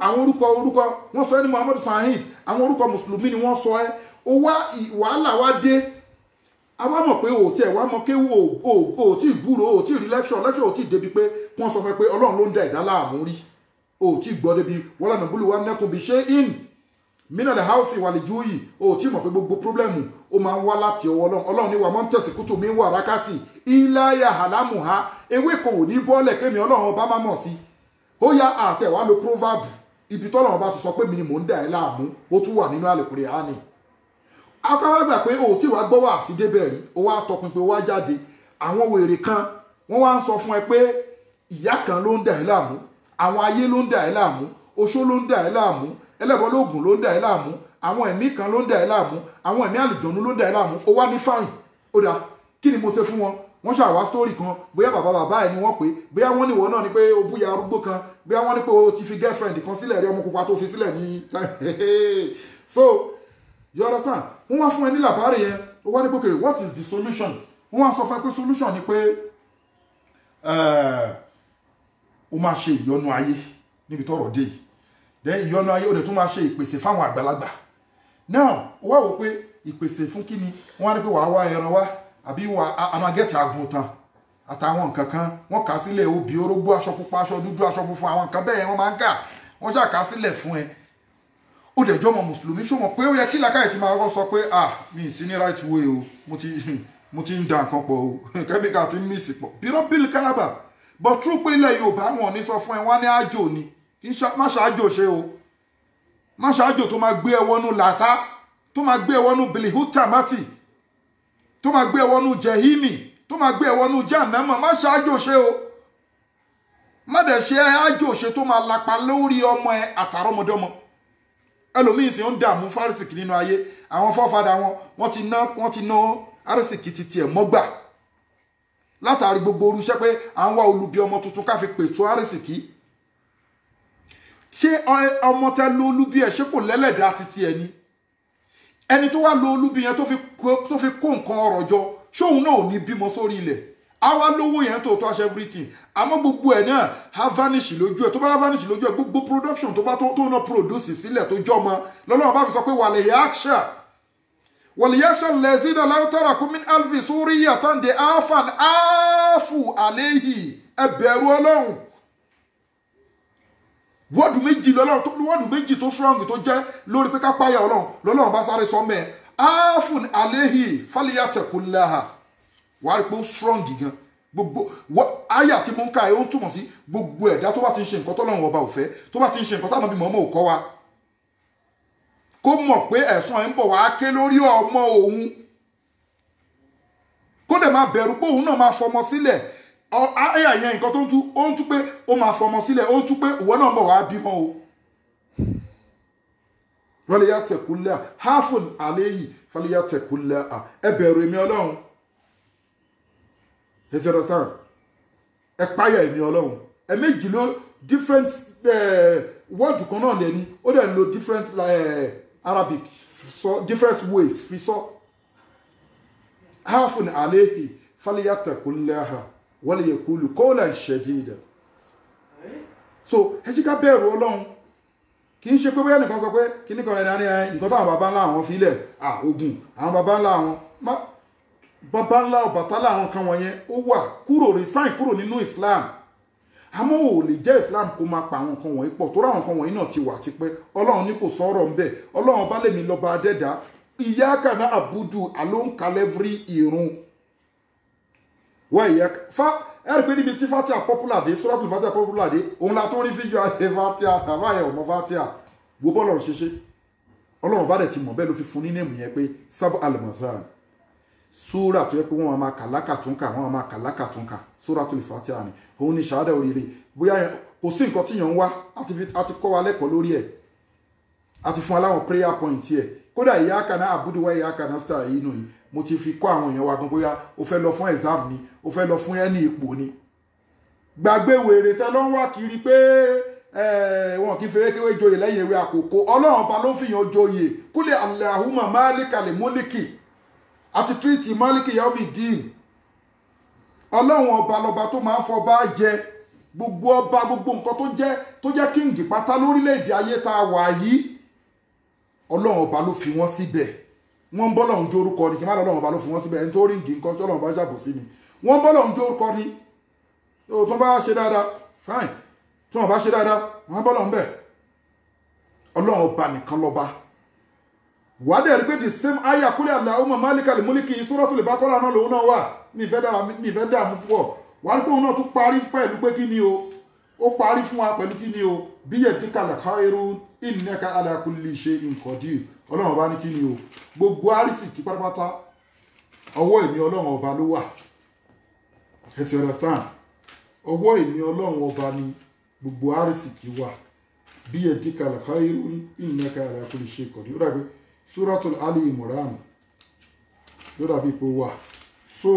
àwọn orúkọ orúkọ wọ́n sọ ẹ́ ní Muhammad Sahid àwọn orúkọ mùsùlùmí ni wọ́n sọ ẹ́ o wá wàhálà wá dé a wá mọ̀ pé òòtí ẹ̀ wá mọ̀ pé òòtí o òòtí rí lẹ́kṣọ̀ lẹ́kṣọ̀ òòtí débi pé wọ́n sọ fún ẹ pé Ọlọ́run ló ń da ìdá láàmú rí òòtí gbọ́ débi wọ́n lànà búlù wá nẹ́kùn bí ṣé in mínàlẹ̀ haúsì ìwàlejò yìí o ò tí mọ̀ pé gbogbo pírọ́blẹ́mù ó máa ń wá láti ọwọ́ ọlọ́run ọlọ́run ní wà máa ń tẹ̀sí kútù mi ń wà rákàtì ìláyà àlámùhá ewé kan ò ní bọ́ọ̀lẹ̀ kémi ọlọ́run ọba máa mọ̀ sí ó yá àtẹ̀wá lo proverbe ibi tọ́lọ́run ọba ti sọ pé mi ni mò ń dà ẹ́ láàmú ó tún wà nínú àlèkùnrin àánì akáwágbà pé o ò tí wàá gbọ́ wà sí débẹ̀ rí ó wá tọpinpin wá jáde àwọn wèrè kan wọ́n wá ń sọ fún ẹ pé ìyá kan ló ń dà ẹ́ láàmú àwọn ayé ló ń dà ẹ́ láàmú oṣó ló ń dà ẹ́ láàmú ẹlẹ́bọ ló ń dà ẹ́ láàmú àwọn ẹ̀mí kan ló ń dà ẹ́ láàmú àwọn ẹ̀mí àlùjọ̀nú ló ń dà ẹ́ láàmú ó wá ní fáyìn ó dà kí ni mo ṣe fún wọn wọ́n ṣàwá sítórì kan bóyá bàbá bàbá ẹ̀ ni wọ́n pè bóyá wọ́n níwọ̀ náà ni pé o búya arúgbó kan bóyá wọ́n ní pé o ti fi girlfriend kan sílẹ̀ rí ọmọ pupa tó fi sílẹ̀ ní so you understand wọ́n wá fún ẹ ní làbárè yẹn ó wá ní pé what is the solution wọ́n wá sọ fún ẹ pé solution ni pé ó eh, máa ṣe ìyọnu ayé níbi tọ́rọ̀ dé yìí then ìyọnu ayé òde tún máa ṣe ìpèsè fáwọn àgbàlagbà now wá wò pé ìpèsè fún kí ni wọ́n á rí pé wàá wá ẹran wá àbí wà á máa gẹ́tì àgùntàn àtàwọn nǹkan kan wọ́n kà á sílẹ̀ obì orógbó aṣọ pupa aṣọ dúdú aṣọ funfun àwọn nǹkan bẹ́ẹ̀ wọ́n máa ń kà wọ́n ṣàkà á sílẹ̀ fún ẹ ó dẹ̀ jọmọ mùsùlùmí ṣó mọ̀ pé ó yẹ kí làkàyè ti máa rọ́ sọ pé ah mi ì sí ní right way o mo ti mo ti ń da nǹkan pọ̀ o kẹ́míkà ti ń mí ìsìpọ̀ bírọ́ bíl kálábà but true pé ilẹ̀ Yorùbá wọn ò ní sọ fún ẹ wọn á ní àjò ni kì í má ṣáájò ṣe o má ṣáájò tó máa gbé ẹwọ́nú làṣá tó máa gbé ẹwọ́nú bilihutamati tó máa gbé ẹwọ́nú jehimi tó máa gbé ẹwọ́nú jahannama má ṣáájò ṣe o má dẹ̀ ṣe ájò ṣe tó máa lapa lórí ọmọ ẹ àtàrọ́mọdọ́mọ ẹlòmíín sì ń dààmú fárísìkì nínú ayé àwọn fọ́fadà wọn wọ́n ti ná wọ́n ti ná fárísìkì ti tiẹ̀ mọ́gbà látàrí gbogbo orúṣẹ́ pé à ń wá olubi ọmọ tuntun ká pètù fárísìkì ṣé ọmọ tẹ lo olúbi ẹ̀ ṣé kò lẹ́lẹ̀dá títí ẹni ẹni tó wá lo olúbi yẹn tó fi kó nǹkan ọrọ̀ jọ ṣóun náà ò ní bímọ sórí ilẹ̀ àwa lówó yẹn tó tó aṣọ everything àmọ́ gbogbo ẹ̀ náà á vanish lójú ẹ̀ tó bá vanish lójú ẹ̀ gbogbo production tó bá tó tó náà produce sílẹ̀ tó jọmọ lọ́lọ́run bá fi sọ pé wàlẹ̀ yaksha wàlẹ̀ yaksha lẹ́sìnà láwùtàrà kúmin alvis orí yàtọ̀ ǹdẹ̀ afan áfù àléhì ẹ bẹ̀rù ọlọ́run wọ́ọ̀dù méjì lọ́lọ́run tó wọ́ọ̀dù méjì tó strong tó jẹ́ lórí pé kápá ayà ọlọ́run lọ́lọ́run bá sáré sọ mẹ́ẹ̀ áfùn àléhì fálíyàtẹ̀kùnláhà wàá rí pé ó strong gan gbogbo ayà tí mo ń ka ẹ̀ ó ń túmọ̀ sí gbogbo ẹ̀dá tó bá ti ń ṣe nǹkan tọ́lọ́run ọba ò fẹ́ tó bá ti ń ṣe nǹkan táwọn bímọ ọmọ ò kọ́ wa kó mọ̀ pé ẹ̀sùn ẹ̀ ń bọ̀ wá ké lórí ọmọ òun kó dẹ̀ máa bẹ̀rù pé òun náà máa fọmọ sílẹ̀ ẹ̀yà yẹn nǹkan tó ń tú ó ń tú pé ó máa fọmọ sílẹ̀ ó ń tú pé ìwọ náà bọ̀ wá bímọ o. wọ́n lè yá tẹ̀kú lẹ́à háfùn àlẹ́ yìí fọ́n lè yá tẹ̀kú lẹ́à ẹ bẹ̀rù èmi ọlọ́run ẹ ti èmi ọlọ́run ẹ méjì ló different word kan náà lẹ́ni ó dẹ̀ lo different Arabic sọ different ways fi sọ háfùn àlẹ́ yìí fọ́n lè yá tẹ̀kú wọ́n lè yẹ kúlù kọ́ọ̀lá ìṣẹ̀dí ìdà so ẹ jí ká bẹ̀rù ọlọ́run kì í ṣe pé bóyá nìkan sọ pé kí nìkan rẹ̀ ní ẹ nǹkan táwọn baba ńlá àwọn filẹ̀ à ogun àwọn baba ńlá àwọn baba ńlá Ọbàtálá àwọn kan wọ̀nyẹn ó wà kúrò resign kúrò nínú Islam àmọ́ ò lè jẹ́ Islam kó máa pa àwọn nǹkan wọ̀nyí pọ̀ tó ráwọn nǹkan wọ̀nyí náà ti wà tipẹ́ ọlọ́run ní kò sọ̀rọ̀ ń bẹ̀ ọlọ́run bá lèmi lọ́ba adẹ́dá ìyá kàná àbúdù àlóǹkalẹ́frí ìrun wọ́n ìyẹn fa ẹ̀rí pé níbi tí fatia popular dé sọ́dọ̀tù fatia popular dé òun la tó rí fíjọ àti fatia àbáyẹ ọmọ fatia wo bọ́ lọ́rọ̀ ṣeṣe ọlọ́run bá dẹ̀ ti mọ̀ bẹ́ẹ̀ ló fi fún ní nẹ́ẹ̀mù yẹn pé sábà alimọ̀sáà súrà tó yẹ pé wọ́n máa kàlákà tún kà wọ́n máa kàlákà tún kà súrà tó lè fatia ni òun ni ṣàádà oríire bóyá kò sí nǹkan tíyàn ń wá àti kọ́ wa lẹ́kọ̀ọ́ lórí ẹ̀ àti fún aláwọn prayer point yẹ kódà ìyá kaná àbúdúwá ìyá kaná star yìí nù yìí mo ti fi kọ́ àwọn èèyàn wa gan bóyá o fẹ́ lọ fún exam ni o fẹ́ lọ fún ẹni ipò ni gbàgbé wèrè tẹ lọ́n wá kiri pé wọn kì í fẹ́ kéwé joyè lẹ́yìn ewé àkókò ọlọ́run ọba ló fìyàn joyè kúlẹ̀ alahuma máàlíkàlẹ̀ mólíkì àti tírìtì máàlíkì yaomi dín ọlọ́run ọba lọba tó máa ń fọba jẹ gbogbo ọba gbogbo nǹkan tó jẹ́ tó jẹ́ kíngì pátá lórílẹ̀ ayé tá a wà yìí ọlọ́run ọba ló fi wọ́n síbẹ̀. Si wọ́n ń bọ́ lọ́hún jórúkọ ni kí má lọ́lọ́hún ọba ló fún wọn síbẹ̀ ẹni tó rí nǹkan nǹkan tí ọlọ́hún bá ṣàbòsí ni wọ́n ń bọ́ lọ́hún jórúkọ ni tó bá ṣe dáadáa fine tí wọ́n bá ṣe dáadáa wọ́n bọ́ lọ́hún bẹ̀ ọlọ́hún ọba nìkan lọ́ba wàdẹ̀ rí pé the same aya kúlẹ̀ àlà ọmọ máàlíkàlì múlíkì suratul Baqara náà lòun náà wà mí ìfẹ́ dààmú púpọ̀ wà ní pé òun náà tún parí pẹ̀lú o ó parí fún wa pẹ̀lú ala kulli shay'in qadir ọlọ́run ọba ní kí ni o gbogbo àrísìkí pátápátá ọwọ́ èmi ọlọ́run ọba ló wà ẹ ti understand ọwọ́ èmi ọlọ́run ọba ni gbogbo àrísìkí wà bí ẹ̀dí kàlàkà irú ìnìyànká àlàkù lè ṣe kọ̀dí ó dàbí suratul ali imran ló dàbí pé wà so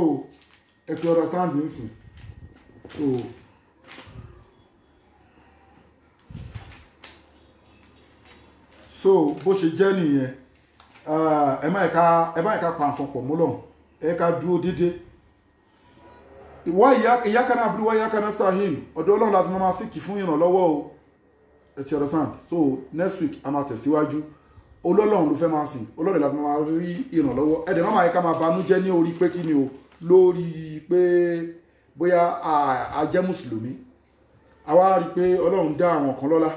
ẹ ti understand nsìn so. so bó ṣe jẹ́ nìyẹn ẹ má ẹ̀ka ẹ má ẹ̀ka pa nǹkan pọ̀ mọ́ lọ́hùn ẹ̀ka dúró dédé ìwọ ìyá kan náà abúlé wá ìyá kan náà stahil ọ̀dọ̀ ọlọ́run láti máa sí kì fún ìrànlọ́wọ́ o ẹ ti understand so next week a máa tẹ̀síwájú olólọ́run ló fẹ́ máa sìn olólọ́run láti máa rí ìrànlọ́wọ́ ẹ̀dẹ̀ máa ẹ̀ka máa banú jẹ́ ní orí pé kí ni o lórí pé bóyá a jẹ́ mùsùlùmí àwa rí i pé ọlọ́run dá àwọn kan lọ́lá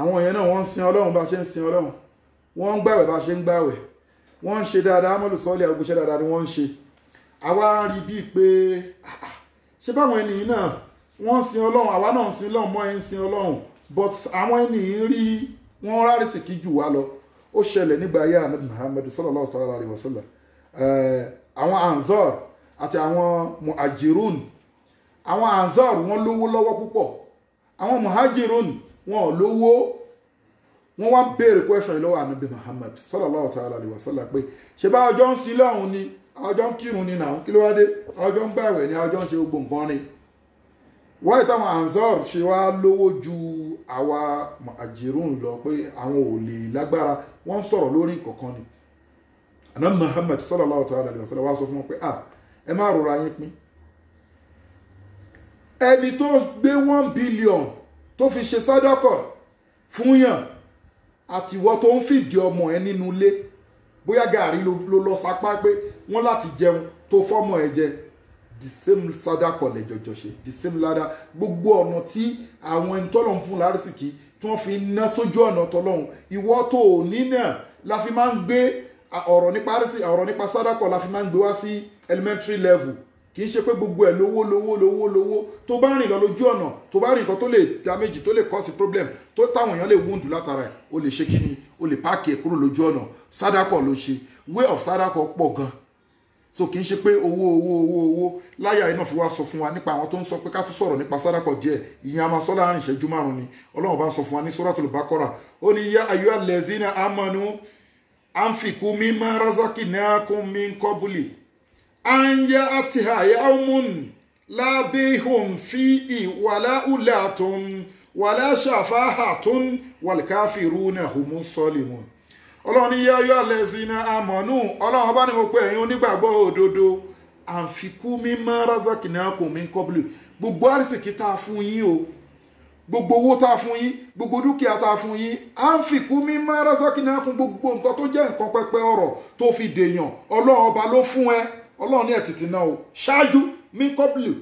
àwọn yẹn náà wọ́n ń sin ọlọ́run bá ṣe ń sin ọlọ́run wọ́n ń gbàwẹ̀ bá ṣe ń gbàwẹ̀ wọ́n ń ṣe dáadáa amọ̀lù sọ́ọ̀lì àgùkù ṣe dáadáa ni wọ́n ń ṣe àwa rí bíi pé ṣé báwọn ènìyàn náà wọ́n ń sin ọlọ́run àwa náà ń sin ọlọ́run mọ́ ẹ̀ ń sin ọlọ́run but àwọn ènìyàn rí wọ́n rárí sìkì jù wá lọ ó ṣẹlẹ̀ nígbà ayé anabi muhammed sallallahu alayhi wa sallam àwọn anzor àti àwọn muhajirun àwọn wọn ò lówó wọ́n wá béèrè question lọ́wọ́ ànábì Muhammad sallallahu ta'ala alayhi wa sallam pé ṣe bá ọjọ́ ń sin lọ́hùn ni ọjọ́ ń kírun ni nàún kí ló wá dé ọjọ́ ń gbàwẹ̀ ni ọjọ́ ń ṣe gbogbo nǹkan ni wọ́n ìtàwọn ansor ṣe wá lówó ju àwa àjírùn lọ pé àwọn ò lè lágbára wọ́n ń sọ̀rọ̀ lórí kọ̀ọ̀kan ni ànábì Muhammad sallallahu ta'ala alayhi wa sallam wá sọ fún wọn pé ah ẹ má rora yín pín ẹni tó gbé one billion tó fi ṣe sádọ́kọ̀ fúnyàn àtiwọ́ tó ń fìdí ọmọ ẹ nínú ilé bóyá gàrí ló lọ sapá pé wọ́n láti jẹun tó fọ́mọ ẹ jẹ the same sádọ́kọ̀ lẹ́jọjọ ṣe the same ladder gbogbo ọ̀nà tí àwọn ẹni tọ́lọ̀ ń fún lárísìkí tí wọ́n fi ná sójú ọ̀nà tọ́lọ́hún ìwọ́ tó ò ní náà la fi máa ń gbé ọ̀rọ̀ nípa sádọ́kọ̀ la fi máa ń gbé wá sí elementary level kì í ṣe pé gbogbo ẹ̀ lówó lówó lówó lówó tó bá rìn lọ lójú ọ̀nà tó bá rìn nǹkan tó lè damage tó lè cause problem tó táwọn èèyàn lè wound látara ẹ̀ o lè ṣe kíni o lè páàkì ẹ̀ kúrò lójú ọ̀nà sádàkọ̀ ló ṣe way of sádàkọ̀ pọ̀ gan so kì í ṣe pé owó owó owó owó láyà iná fi wá sọ fún wa nípa àwọn tó ń sọ pé ká tún sọ̀rọ̀ nípa sádàkọ̀ díẹ̀ ìyẹn a máa sọ láàrin ìṣẹ́jú márùn-ún ni ọlọ́run bá sọ fún wa ní suratul Baqara ó ní yá ayọ́ alẹ́ zina amanu anfiku mímọ́ razaki náà kún mí kọ́bùlì an ya'tiha yawmun la bihum fihi wala ulatun wala shafahatun wal kafiruna humu salimun ọlọ́run ní yáyọ́ alẹ́sìnà amọ̀nù ọlọ́run ọba ni mo pe ẹ̀yin onígbàgbọ́ òdodo àfikú mímọ́ razakina kò mí kọ́bílù gbogbo àrísìkí tá a fún yín o gbogbo owó tá a fún yín gbogbo dúkìá tá a fún yín àfikú mímọ́ razakina kún gbogbo nǹkan tó jẹ́ nǹkan pẹpẹ ọ̀rọ̀ tó fi dèèyàn ọlọ́run ọba ló fún ẹ ọlọ́run ní ẹ̀ tètè náà o ṣáájú mínkọ́bùlì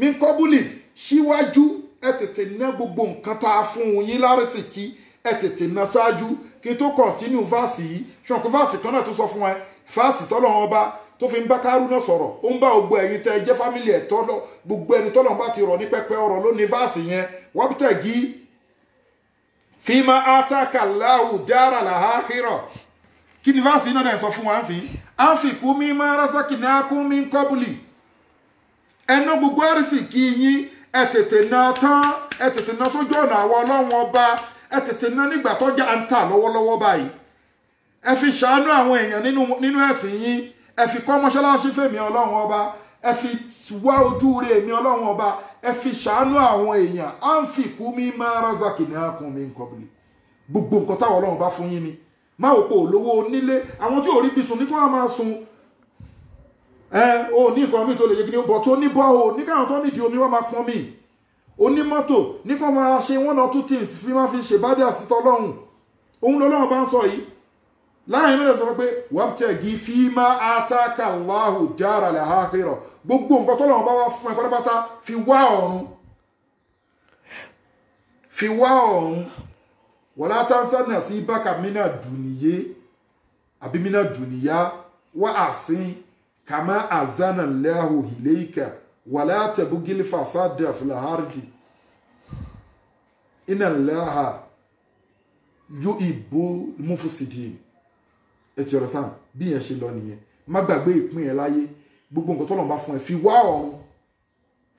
mínkọ́bùlì síwájú ẹ tètè ná gbogbo nǹkan tá a fún un yín lárìsìkí ẹ tètè ná ṣáájú kí n tó kọ̀ntínú fáàsì yìí ṣùgbọ́n fáàsì kan náà tó sọ fún ẹ fáàsì tọ́lọ́run ọba tó fi ń bá kárúnà sọ̀rọ̀ ó ń bá gbogbo ẹ̀yin tẹ́ ẹ jẹ́ fámìlì ẹ̀ tọ́lọ́ gbogbo ẹni tọ́lọ́run bá ti rọ̀ ní pẹ́pẹ́ ọ̀rọ̀ lónìí fáàsì yẹn wọ́pútẹ̀ gí fima ataka láwù dára làhàkírọ̀ kí ni fásitì náà dẹ̀ sọ fún wa sí àfikún mi máa rásàkì ní akúnmí kọ́bùlì ẹnu gbogbo àrísì kí yín ẹ tètè ná tán ẹ tètè ná sójú ọ̀nà àwọn ọlọ́run ọba ẹ tètè ná nígbà tọ́jà ń tà lọ́wọ́lọ́wọ́ báyìí ẹ fi ṣàánú àwọn èèyàn nínú ẹ̀sìn yín ẹ fi kọ́ mọ́ṣáláṣí fèmí ọlọ́run ọba ẹ fi wá ojú rẹ èmi ọlọ́run ọba ẹ fi ṣàánú àwọn èèyàn àǹfikún mi máa rásàkì ní akúnmí kọ́bùlì gbogbo nǹkan táwọn ọlọ́run ọba fún yín ni má ò pò lówó onílé àwọn tí ò rí bisùn ní kí wọ́n máa sun ẹ o ní nǹkan mi tó lè yege ni tó ní bọ́ o ní káwọn tó nídìí omi wọ́n máa pọn mi onímọ́tò ní kí wọ́n máa ṣe one or two things fi máa fi ṣèbádé àsìtọ́ lọ́hùn òun lọ́lọ́run bá ń sọ yìí láàrin mẹ́rin sọ pé wàbtẹ̀gì fíìmá àtàkà láhù dára làákìrọ̀ gbogbo nǹkan tó lọ́wọ́ bá wá fún ẹ pátápátá fi wá ọ̀run fi wá ọ̀run wala tansa nasibaka mina duniye àbí mina duniya wa asin kama azana Allahu ilayka wala tabghil fasada fil ardi inna Allaha yuhibbul mufsidin ẹtì ọ̀rọ̀ sàn bí yẹn ṣe lọ nìyẹn má gbàgbé ìpín yẹn láyé gbogbo nǹkan tó lọ́n bá fún ẹ fi wá ọ̀run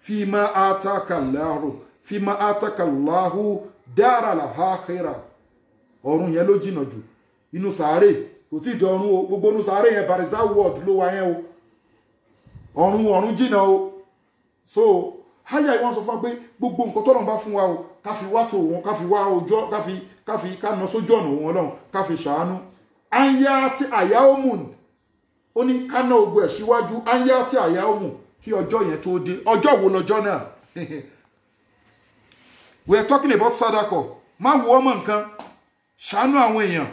fi ma ataka Allahu fi ma ataka Allahu dára là ha xera ọ̀run yẹn ló jìnnà jù inú sàárè kò tí ì dán ọ̀run o gbogbo inú sàárè yẹn barisa ward ló wà yẹn o ọ̀run ọ̀run jìnnà o so háyà ìwọ̀n sọ fún wa pé gbogbo nǹkan tọ́lọ́run bá fún wa o ká fi wá tó wọn ká fi wá ojú ká fi ká fi ká nà sójú ọ̀nà wọn lọ́hùn ká fi ṣàánú anya ti àyà òmùn ó ní ká ná ogun ẹ̀ síwájú anya ti àyà òmùn kí ọjọ́ yẹn tó dé ọjọ́ wo lọ́jọ́ náà we are talking about sadako má wo ọmọ nǹkan ṣàánú àwọn èèyàn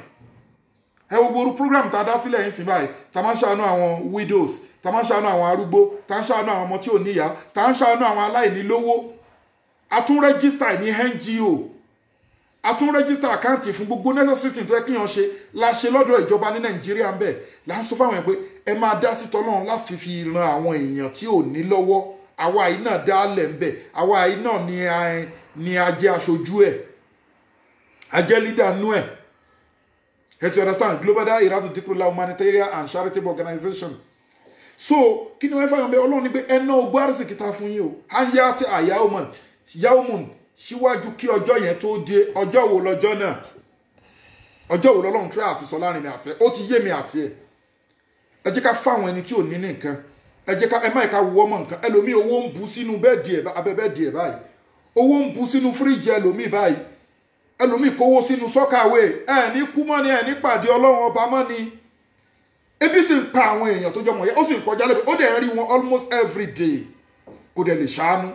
ẹ wo gbooru program tá a dá sílẹ̀ yín sí báyìí tá a máa ń ṣàánú àwọn widows tá a máa ṣàánú àwọn arúgbó tá a ń ṣàánú àwọn ọmọ tí ò níyá tá a ń ṣàánú àwọn aláìnílówó a tún rẹ́gísítà ní NGO a tún rẹ́gísítà àkáǹtì fún gbogbo necessary thing tó yẹ kí yàn ṣe la ṣe lọ́dọ̀ ìjọba ní nàìjíríà ń bẹ̀ là ń sọ fáwọn yẹn pé ẹ máa dá sí tọ́lọ́run láti fi ran àwọn èèyàn tí ò ní lọ́wọ́ àwa yìí náà dá lẹ̀ ń bẹ̀ àwa yìí náà ni eh, ni a jẹ́ aṣojú ẹ̀ a jẹ́ leader nú ẹ̀ as you understand Global Dahiratu Dhikrlahi humanitarian and charitable organization so kí ni wọ́n fà yàn bẹ́ẹ̀ ọlọ́run ni pé ẹná ogún àrísìkí ta fún yín o anya ti ayahuman yahuman síwájú kí ọjọ́ yẹn tó dé ọjọ́ wo lọ́jọ́ náà ọjọ́ wo lọ́lọ́run tí a ti sọ láàrin mi àti ẹ ó ti yé mi àti ẹ ẹ jẹ́ ká fáwọn ẹni tí ò ní nìkan ẹ jẹ́ ká ẹ má ẹ ká wọ́ mọ̀ nǹkan ẹlòmíì owó ń bu sínú bẹ́ẹ̀dì ẹ̀ abẹ́ bẹ́ẹ̀dì ẹ̀ báyìí owó ń bu sínú fíríjì ẹlòmíì báyìí ẹlòmíì kówó sínú sọ́kàwé ẹ ní kú mọ́ ni ẹ ní pàdé ọlọ́run ọba mọ́ ni ebi sì ń pa àwọn èèyàn tó jọmọ yẹn ó sì ń kọjá lẹ́bẹ̀ẹ́ ó dẹ̀ rí wọn almost every day kò dẹ̀ lè ṣàánú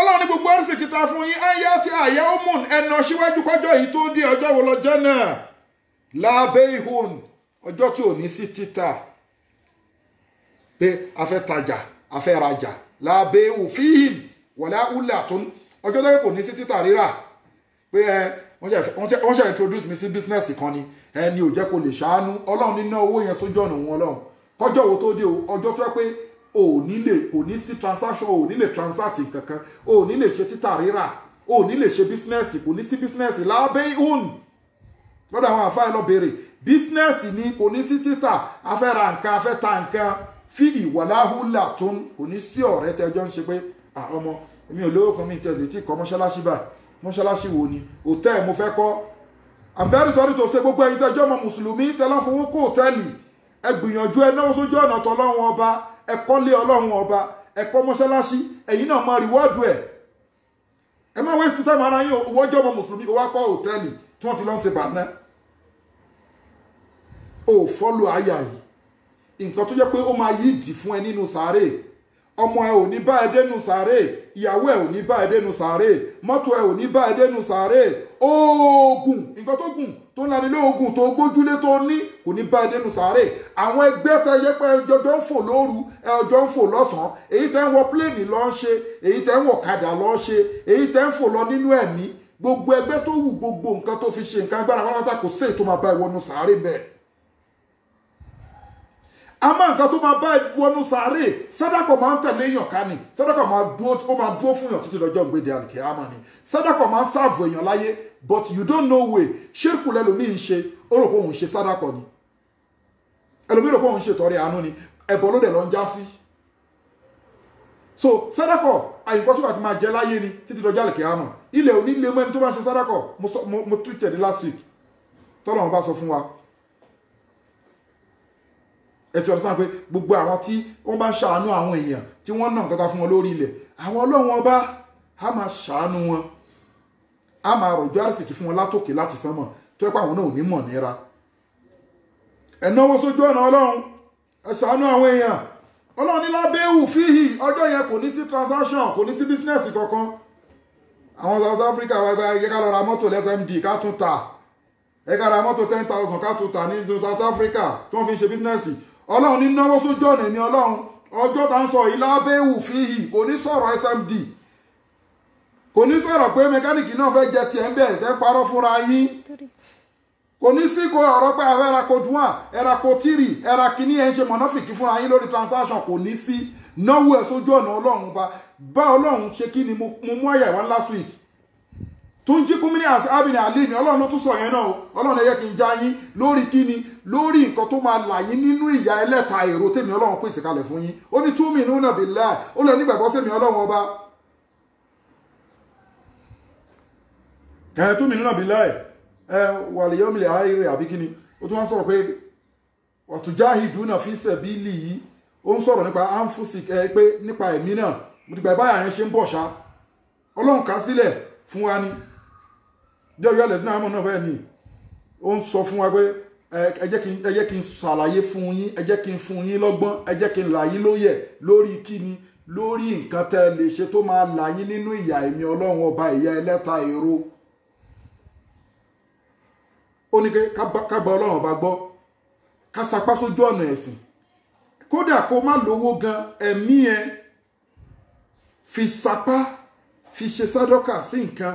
ọlọ́run ní gbogbo ọ̀rẹ́sì kìtà fún yín ayé tí àyà ó mùn ẹnu síwájú kọjọ́ yìí tó dé ọjọ́ wo lọ́jọ́ náà lábẹ́ ihun ọjọ́ tí ò ní sí títà pé a tajà a rajà lábẹ́ òfin wọ̀lá húlà tó ń ọjọ́ lẹ́yìn kò ní sí títà rírà pé ẹ wọ́n ṣe introduce mi sí business kan ni ẹ ní ò jẹ́ kó lè ṣàánú ọlọ́run nínú owó yẹn sójú ọ̀nà òun ọlọ́run kọjọ́ wo tó dé o ọjọ́ tó yẹ pé o ò ní lè kò ní sí transaction o ò ní lè transact kankan o ò ní lè ṣe títà rírà o ò ní lè ṣe business kò ní sí business lábẹ́ ìhùn lọ́dọ̀ àwọn àfáà lọ béèrè business ni kò ní sí títà afẹ́ ra nǹkan afẹ́ ta nǹkan fíìlì wàláhùlà tó ń kò ní sí ọ̀rẹ́ tẹjọ́ ń ṣe pé àwọn ọmọ èmi ò lówó kan mi tẹ̀lé tí kọ́ mọ́ṣáláṣí bá mọ́ṣáláṣí wo ni hòtẹ́ẹ̀lì mo fẹ́ kọ́ I'm very sorry to say gbogbo ẹ̀yin tẹ́jọ́ ọmọ mùsùlùmí tẹ́lá fowó kó hòtẹ́ẹ̀lì ẹ gbìyànjú ẹ náwó sójú ọ̀nà tọ́lọ́run ọba ẹ kọ́lé ọlọ́run ọba ẹ kọ́ mọ́ṣáláṣí ẹ̀yin náà máa rìwọ́ọ̀dù ẹ̀ ẹ má waste time ara yín owó ọjọ́ ọmọ mùsùlùmí owó akọ́ hòtẹ́ẹ̀lì tí wọ́n ti lọ́n ṣe bàná o follow àyà yìí nǹkan tó jẹ́ pé ó máa yídì fún ẹ nínú sàárè ọmọ ẹ ò ní bá ẹ dénú sàárè ìyàwó ẹ ò ní bá ẹ dénú sàárè mọ́tò ẹ ò ní bá ẹ dénú sàárè oògùn nǹkan tó gùn tó ń lani lóògùn tó gbójúlé tó ní kò ní bá ẹ dénú sàárè àwọn ẹgbẹ́ tẹ yẹ pé ẹjọ́jọ́ ń fò lóru ẹjọ́ ń fò lọ́sàn-án èyí tẹ́ ń wọ pléènì lọ́ ń ṣe èyí tẹ́ ń wọ kàdà lọ́ ń ṣe èyí tẹ́ ń fò lọ nínú ẹ̀mí gbogbo ẹgbẹ́ tó wù gbogbo nǹkan tó fi ṣe nǹkan agbára wọn látàkó sí ètò máa bá ìwọ́nu bẹ́ẹ̀ àmọ́ nǹkan tó máa bá wọnú sàárè sádàkọ̀ máa ń tẹ̀lé èèyàn ká ni sádàkọ̀ máa dúró ó máa dúró fún èèyàn títí lọ́jọ́ gbèdé àlùkè àmọ́ ni sádàkọ̀ máa ń sáàvù èèyàn láyé but you don't know way ṣírkù lẹ́lòmíì ń ṣe ó rò pé òun ṣe sádàkọ̀ ni ẹlòmíì rò pé òun ṣe tọrẹ àánú ni ẹ̀bọ ló dẹ̀ lọ ń já sí so sádàkọ̀ àyìnkọ́ tó bá ti máa jẹ láyé ni títí lọ́jọ́ àlùkè àmọ́ ilẹ̀ onílé mẹ́ni tó bá mo treat last week tọ́lọ́run bá sọ fún wa ẹ ti ọ̀dọ́sán pé gbogbo àwọn tí wọ́n bá ṣàánú àwọn èèyàn tí wọ́n nà nǹkan fún wọn lórí ilẹ̀ àwọn ọlọ́run ọba á máa ṣàánú wọn a máa rọ̀jò àrísìkí fún wọn látòkè láti sánmọ̀ tó ẹ pé àwọn náà ò ní mọ̀ nira ẹ náwó sójú ọ̀nà ọlọ́run ẹ ṣàánú àwọn èèyàn ọlọ́run ní lábẹ́wù fíhì ọjọ́ yẹn kò ní sí transaction kò ní sí business kankan àwọn South Africa wà ẹ ká lọ ra mọ́tò lsmd ká tún ta ẹ ká ra mọ́tò ten thousand ká tún ta ní South Africa tí wọ́n fi ń ṣe business ọlọ́run ní náwó sójú ọ̀nà èmi ọlọ́run ọjọ́ tá ń sọ yìí lábẹ́wù fihì kò ní sọ̀rọ̀ smd kò ní sọ̀rọ̀ pé mẹkáníìkì náà fẹ́ jẹ tiẹ̀ ń bẹ̀ tẹ́ parọ́ fúnra yín kò ní sí kó ọ̀rọ̀ pé àwọn ẹranko dùnà ẹranko tìrì ẹrakìní ẹ̀ ń ṣe mọ̀nàfìkì fúnra yín lórí transaction kò ní sí náwó ẹ̀ sójú ọ̀nà ọlọ́run bá bá ọlọ́run ṣe kí ni mo mú àyà wá last week tó ń jí kún mí ní àbí ní àlè mi ọlọ́run ló tún sọ yẹn náà o ọlọ́run ẹ yẹ kí n já yín lórí kíni lórí nǹkan tó máa là yín nínú ìyà ẹlẹ́ta èrò tèmi ọlọ́run pèsè kalẹ̀ fún yín ó ní túmí nínú nàbí láì ó lè nígbàgbọ́ sẹ́mi ọlọ́run ọba ẹ̀ túmí nínú nàbí láì ẹ̀ wàlíyọ́mìlẹ̀ àìrè àbí kíni ó tún wá sọ̀rọ̀ pé ọ̀túnjáhìdúnà fi sẹ̀bílì yìí ó ń sọ̀rọ̀ nípa anfusik ẹ pé nípa ẹ̀mí náà mo ti gbà báyà yẹn ṣe ń bọ̀ ṣá ọlọ́run kà sílẹ̀ fún wa ni jẹ́rìí ẹlẹ́sìn àmọ́ náà fẹ́ ni ó ń sọ fún wa pé ẹ jẹ́ kí n ṣàlàyé fún yín ẹ jẹ́ kí n fún yín lọ́gbọ́n ẹ jẹ́ kí n là yín lóyè lórí kíni lórí nǹkan tẹ́ ẹ lè ṣe tó máa là ọba ìyà ẹlẹ́ta èrò ó ní pé ká ọba gbọ́ ká sapá sójú ọ̀nà ẹ̀sìn kódà kó má lówó gan ẹ̀mí fi sapá fi ṣe sádọ́kà sí nǹkan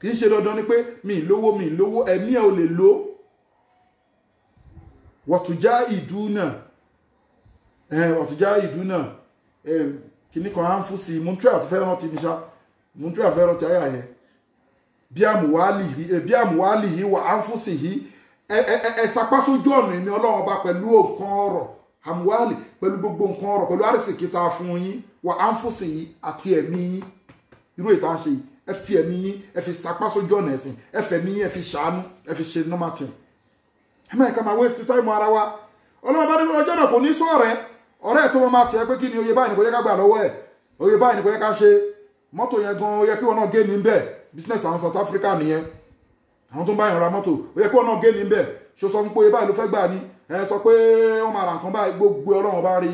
kì í ṣe dandan ni pé mi ì lówó mi ì lówó ẹ̀mí ẹ̀ ò lè lo wọ̀tújá ìdúnà wọ̀tújá ìdúnà kìnnì kan á ń fún sí i montreal fẹ́ rántí mi ṣá montreal fẹ́ rántí ayà yẹn bí àmúwálì yìí wà á ń fún sí i ẹ sapá sójú ọ̀nà ìní ọlọ́run ọba pẹ̀lú nǹkan ọ̀rọ̀ àmúwálì pẹ̀lú gbogbo nǹkan ọ̀rọ̀ pẹ̀lú àrísìkí tá a fún yín wà á ń fún sí i àti ẹ̀mí yín irú ìta ṣe yìí ẹ fi ẹ̀mí yín ẹ fi sapá sójú ọ̀nà ẹ̀sìn ẹ fẹ̀mí yín ẹ fi ṣàánú ẹ fi ṣe normal thing ẹ má ẹ̀ka máa waste time ara wa ọlọ́run bá ní ọjọ́ náà kò ní sọ ọ̀rẹ́ ọ̀rẹ́ tó máa tiẹ̀ pé kí ni oyè báyìí ni kò yẹ ká gbà lọ́wọ́ ẹ̀ oyè báyìí ni kò yẹ ká ṣe mọ́tò yẹn gan ó yẹ kí wọn náà gé ní bẹ́ẹ̀ business àwọn South Africa nìyẹn àwọn tó ń bá yàn ra mọ́tò ó yẹ kí wọn náà gé ní bẹ́ẹ̀ ṣe sọ pé oyè báyìí ló fẹ́ gbà ní ẹ sọ pé wọ́n máa ra nǹkan báyìí gbogbo ọlọ́run bá rí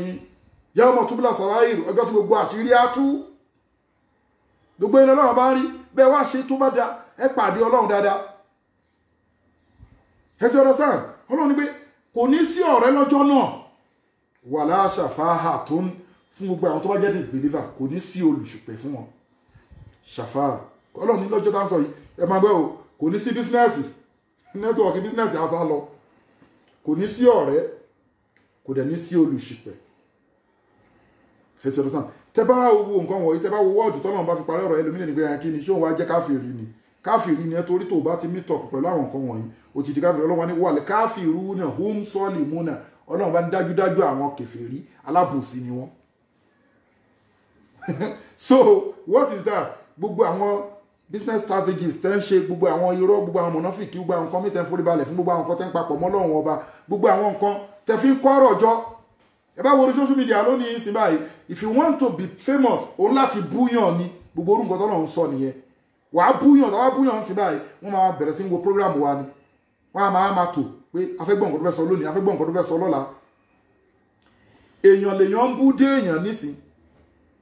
yẹ́wọ́n mọ̀ túbúlà sọ̀rọ̀ ayé ọjọ́ tó gbogbo àṣírí á tú gbogbo iná ọlọ́run bá ń rí bẹ́ẹ̀ wá ṣe tó bá da ẹ pàdé ọlọ́run dáadáa ẹ ti ọ̀rọ̀ sáà ọlọ́run ni pé kò ní sí ọ̀rẹ́ lọ́jọ́ náà wà láṣàfáhà tó ń fún gbogbo àwọn tó bá jẹ́ disbeliever kò ní sí olùṣùpẹ̀ fún wọn ṣàfáhà ọlọ́run ní lọ́jọ́ tá ń sọ yìí ẹ máa gbẹ́ o kò ní sí bísínẹ́sì nẹ́tíwọ̀kì bísínẹ́sì á sá lọ kò ní sí ọ̀rẹ́ kò dẹ̀ ní sí olùṣùpẹ̀ ẹ ti sáà tẹ́ wo nǹkan wọ̀nyí tẹ́ wo wọ́ọ̀dù tọ́lọ́run bá fi parí ọ̀rọ̀ ẹlòmínà nígbà yẹn kí ni ṣé wá jẹ́ káfíìrì ni káfíìrì ni torí tó bá ti mí tọ̀kù pẹ̀lú àwọn nǹkan wọ̀nyí ó káfíìrì ọlọ́wọ́ ní wàlẹ̀ káfíìrù náà hum sọ́ọ̀lì múnà ọlọ́run bá ń dájúdájú àwọn kẹfìrí alábòsí ni wọ́n. so what is that gbogbo àwọn business strategies tẹ́ ń ṣe gbogbo àwọn irọ́ gbogbo àwọn mọ̀nàfíìkì gbogbo àwọn nǹkan mìíràn tẹ́ ń foríbalẹ̀ fún gbogbo àwọn nǹkan tẹ́ ń papọ̀ mọ́ lọ́rùn ọba gbogbo àwọn nǹkan tẹ́ fi ń kọ́ ọ̀rọ̀ ẹ bá wo social media lónìí sí báyìí if you want to be famous o láti búyàn ni gbogbo orúkọ tó lọ́n sọ nìyẹn wàá búyàn tó wàá búyàn sí báyìí wọ́n máa bẹ̀rẹ̀ sí wo program wa ni wọ́n á máa máa tò pé afẹ́gbọ́n nǹkan tó fẹ́ sọ lónìí afẹ́gbọ́n nǹkan tó fẹ́ sọ lọ́la èèyàn lèèyàn ń bú dé èèyàn nísìn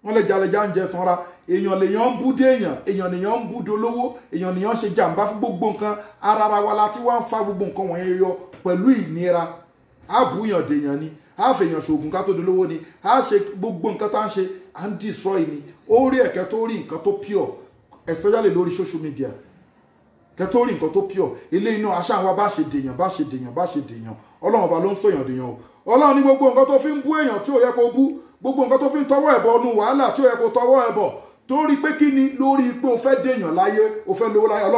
wọ́n lè jalejá ń jẹ sanra èèyàn lèèyàn ń bú dé èèyàn èèyàn lèèyàn ń bú dolówó èèyàn lèèyàn ṣe jàǹbá fún gbogbo nǹkan ara ara wa la ti wá ń fa gbogbo nǹkan wọ̀nyẹn yọ pẹ̀lú ìnira àbúyàn dèèyàn ni á fèèyàn ṣoògùn ká tó ni ha se gbogbo nǹkan tá à ń ṣe à ń destroy ni ó rí ẹ̀kẹ́ tó rí nkan tó pure especially lórí social media kẹ́ tó rí nkan tó pure ilé iná aṣáà wa bá ṣe dèèyàn bá ṣe dèèyàn bá ṣe dèèyàn ọlọ́run ọba ló ń sọ̀yàn o ọlọ́run ní gbogbo tó fi ń bú èèyàn tí gbogbo tó fi ń tọwọ́ wàhálà tí yẹ kó tọwọ́ torí pé kí ni lórí pé o fẹ́ dèèyàn láyé o fẹ́ lówó láyé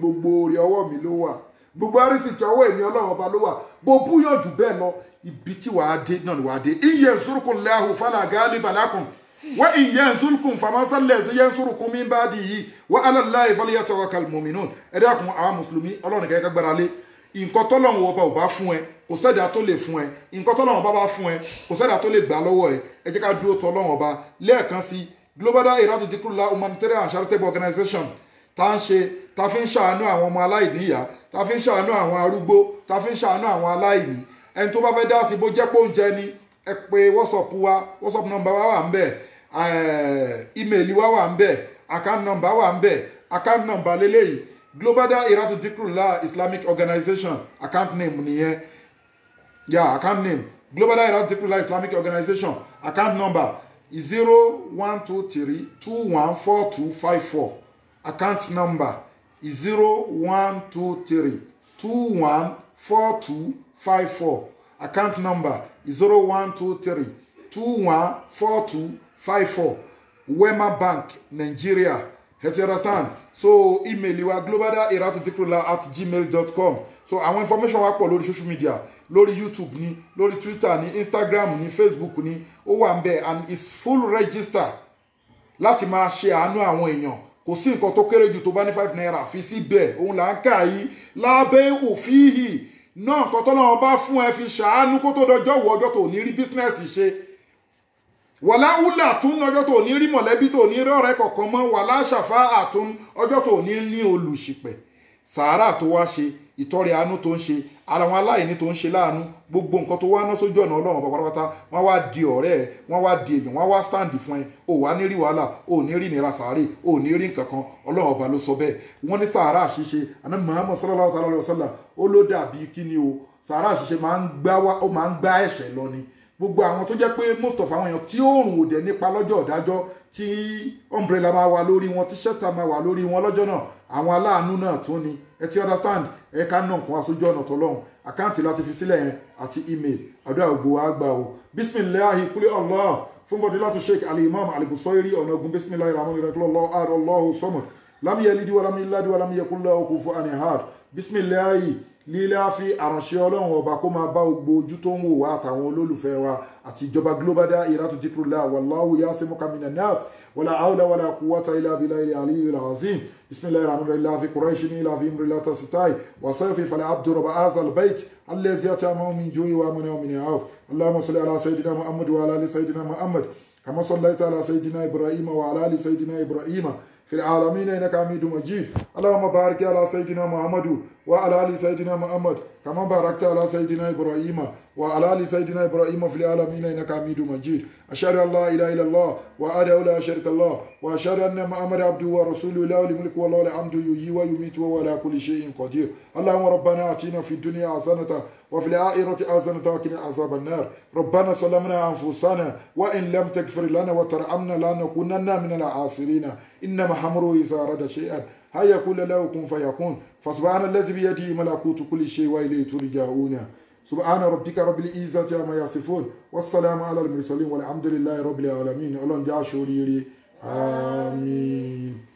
gbogbo orí ọwọ́ gbogbo àrísìkí ọwọ́ èmi ọlọ́run ọba ló wà bó búyàn jù bẹ́ẹ̀ lọ ibi tí wàá dé náà ni wàá dé iye nsúrùkùn lẹ́hùn fana gaali balakun wọ́n iye nsúrùkùn famasálẹ̀ sí yẹn nsúrùkùn mi bá di yìí wọ́n alàlá ìfọlẹ́yà tọwọ́ kalmọ́mìnú ẹ̀dá kun àwọn mùsùlùmí ọlọ́run kẹ́kẹ́ gbára lé nǹkan tọ́lọ́run ọba ò bá fún ẹ kò sẹ́dá tó lè fún ẹ nǹkan ọba bá fún ẹ kò sẹ́dá tó lè gbà lọ́wọ́ ẹ ẹ jẹ́ ká dúró tọ́lọ́run ọba lẹ́ẹ̀kan sí Global Dahiratu Dhikrlahi Humanitarian Charitable Organization tá ń ṣe tá fi ń ṣàánú àwọn ọmọ aláìníyàá ta fi ń ṣàánú àwọn arúgbó ta fi ń ṣàánú àwọn aláìní ẹni tó bá fẹ́ dá sí bó jẹ́ pé oúnjẹ ni ẹ pè whatsapp wa whatsapp number wa wà ń bẹ̀ eh, email wa wà ń bẹ̀ account number wà ń bẹ̀ account number lélẹ́yìí global dahiratu dhikrlahi islamic organization account name nìyẹn ya yeah, account name global dahiratu dhikrlahi islamic organization account number zero one two three two one four two five four account number zero one two three two one four two five four account number zero one two three two one four two five four wema bank nigeria you understand so email wa globalairatudikrula at gmail dot com so àwọn information wa pọ̀ lórí social media lórí youtube ni lórí twitter ni instagram ni facebook ni ó wà ń bẹ̀ and it's full register láti máa ṣe àánú àwọn èèyàn kò sí nǹkan tó kéré jù tó bá ní five naira fi síbẹ̀ òun là ń kà yìí lábẹ́ òfìhì náà nǹkan tó lọ́wọ́ bá fún ẹ fi ṣàánú kó tó dọjọ́ wọ ọjọ́ tó ní rí bísínẹ́sì ṣe wàlá húlà tún ọjọ́ tó ní rí mọ̀lẹ́bí tó ní rí ọ̀rẹ́ kọ̀ọ̀kan mọ́ wàlá ṣàfà àtún ọjọ́ tó ní ní olùṣìpẹ̀ sàárà tó wá ṣe ìtọrẹ àánú tó ń ṣe ara wọn aláìní tó ń ṣe láàánú gbogbo nǹkan tó wá ná sójú ọ̀nà ọlọ́run pátápátá wọ́n wá di ọ̀rẹ́ ẹ̀ wọ́n wá di èèyàn wọ́n wá stáǹdì fún ẹ ò wá ní rí wàhálà ò ní rí ìnira sàárè ò ní rí nǹkan kan ọlọ́run ọba ló sọ bẹ́ẹ̀ wọ́n ní sàárà àṣìṣe àná Muhammad sallallahu alayhi wa sallam ó ló dàbí kíni o sàárà àṣìṣe máa ń gbá ẹ̀ṣẹ̀ lọ ni gbogbo àwọn tó jẹ́ pé most of àwọn èèyàn tí oòrùn òdẹ nípa lọ́jọ́ ọ̀dájọ́ tí umbrella máa wà lórí wọn tí ṣẹ́ta máa wà lórí wọn lọ́jọ́ náà àwọn aláàánú náà tún ni ẹ ti understand ẹ ká ná nǹkan aṣojú ọ̀nà tọ́lọ́hún àkáǹtì láti fi sílẹ̀ yẹn àti email àdúrà ògbó wa gbà o bisimilahi kúlẹ̀ allah fún fadilatu sheikh Ali imam al-Busoiri ọ̀nà ogun bisimilahi rahman rahim allah ar allah somad lam yalid wa lam yulad wa lam yakul lahu kufuwan lílá fi àránṣẹ́ ọlọ́run ọba kó máa bá gbogbo ojú tó ń wò wá àtàwọn olólùfẹ́ wa àti ìjọba global dahiratu dhikrullah wallahu ya'simuka minan nas wala hawla wala quwwata illa billahil aliyyil azim bismillahir rahmanir rahim fi quraishin ila fi imri la tasitai wa sayfi fal abdu rabb hadha al bayt allazi yatamamu min ju'i wa amana min ya'uf allahumma salli ala sayyidina muhammad wa ala ali muhammad kama sallaita ala sayyidina ibrahim wa ala ali sayyidina ibrahim في العالمين انك حميد مجيد اللهم بارك على سيدنا محمد وعلى ال سيدنا محمد كما باركت على سيدنا ابراهيم وعلى ال سيدنا ابراهيم في العالمين انك حميد مجيد اشهد ان لا اله الا الله وادعو لا شريك الله واشهد ان محمدا عبده ورسوله له الملك والله الحمد يحيي ويميت وهو على كل شيء قدير اللهم ربنا اتنا في الدنيا حسنه وفي الاخره حسنه وقنا عذاب النار ربنا سلمنا انفسنا وان لم تغفر لنا وترحمنا لنكونن من العاصرين انما حمره اذا اراد شيئا هيا كل له كن فيكون فسبحان الذي بيده ملكوت كل شيء وإليه ترجعون سبحان ربك رب العزة عما يصفون والسلام على المرسلين والحمد لله رب العالمين ألون جاشوري آمين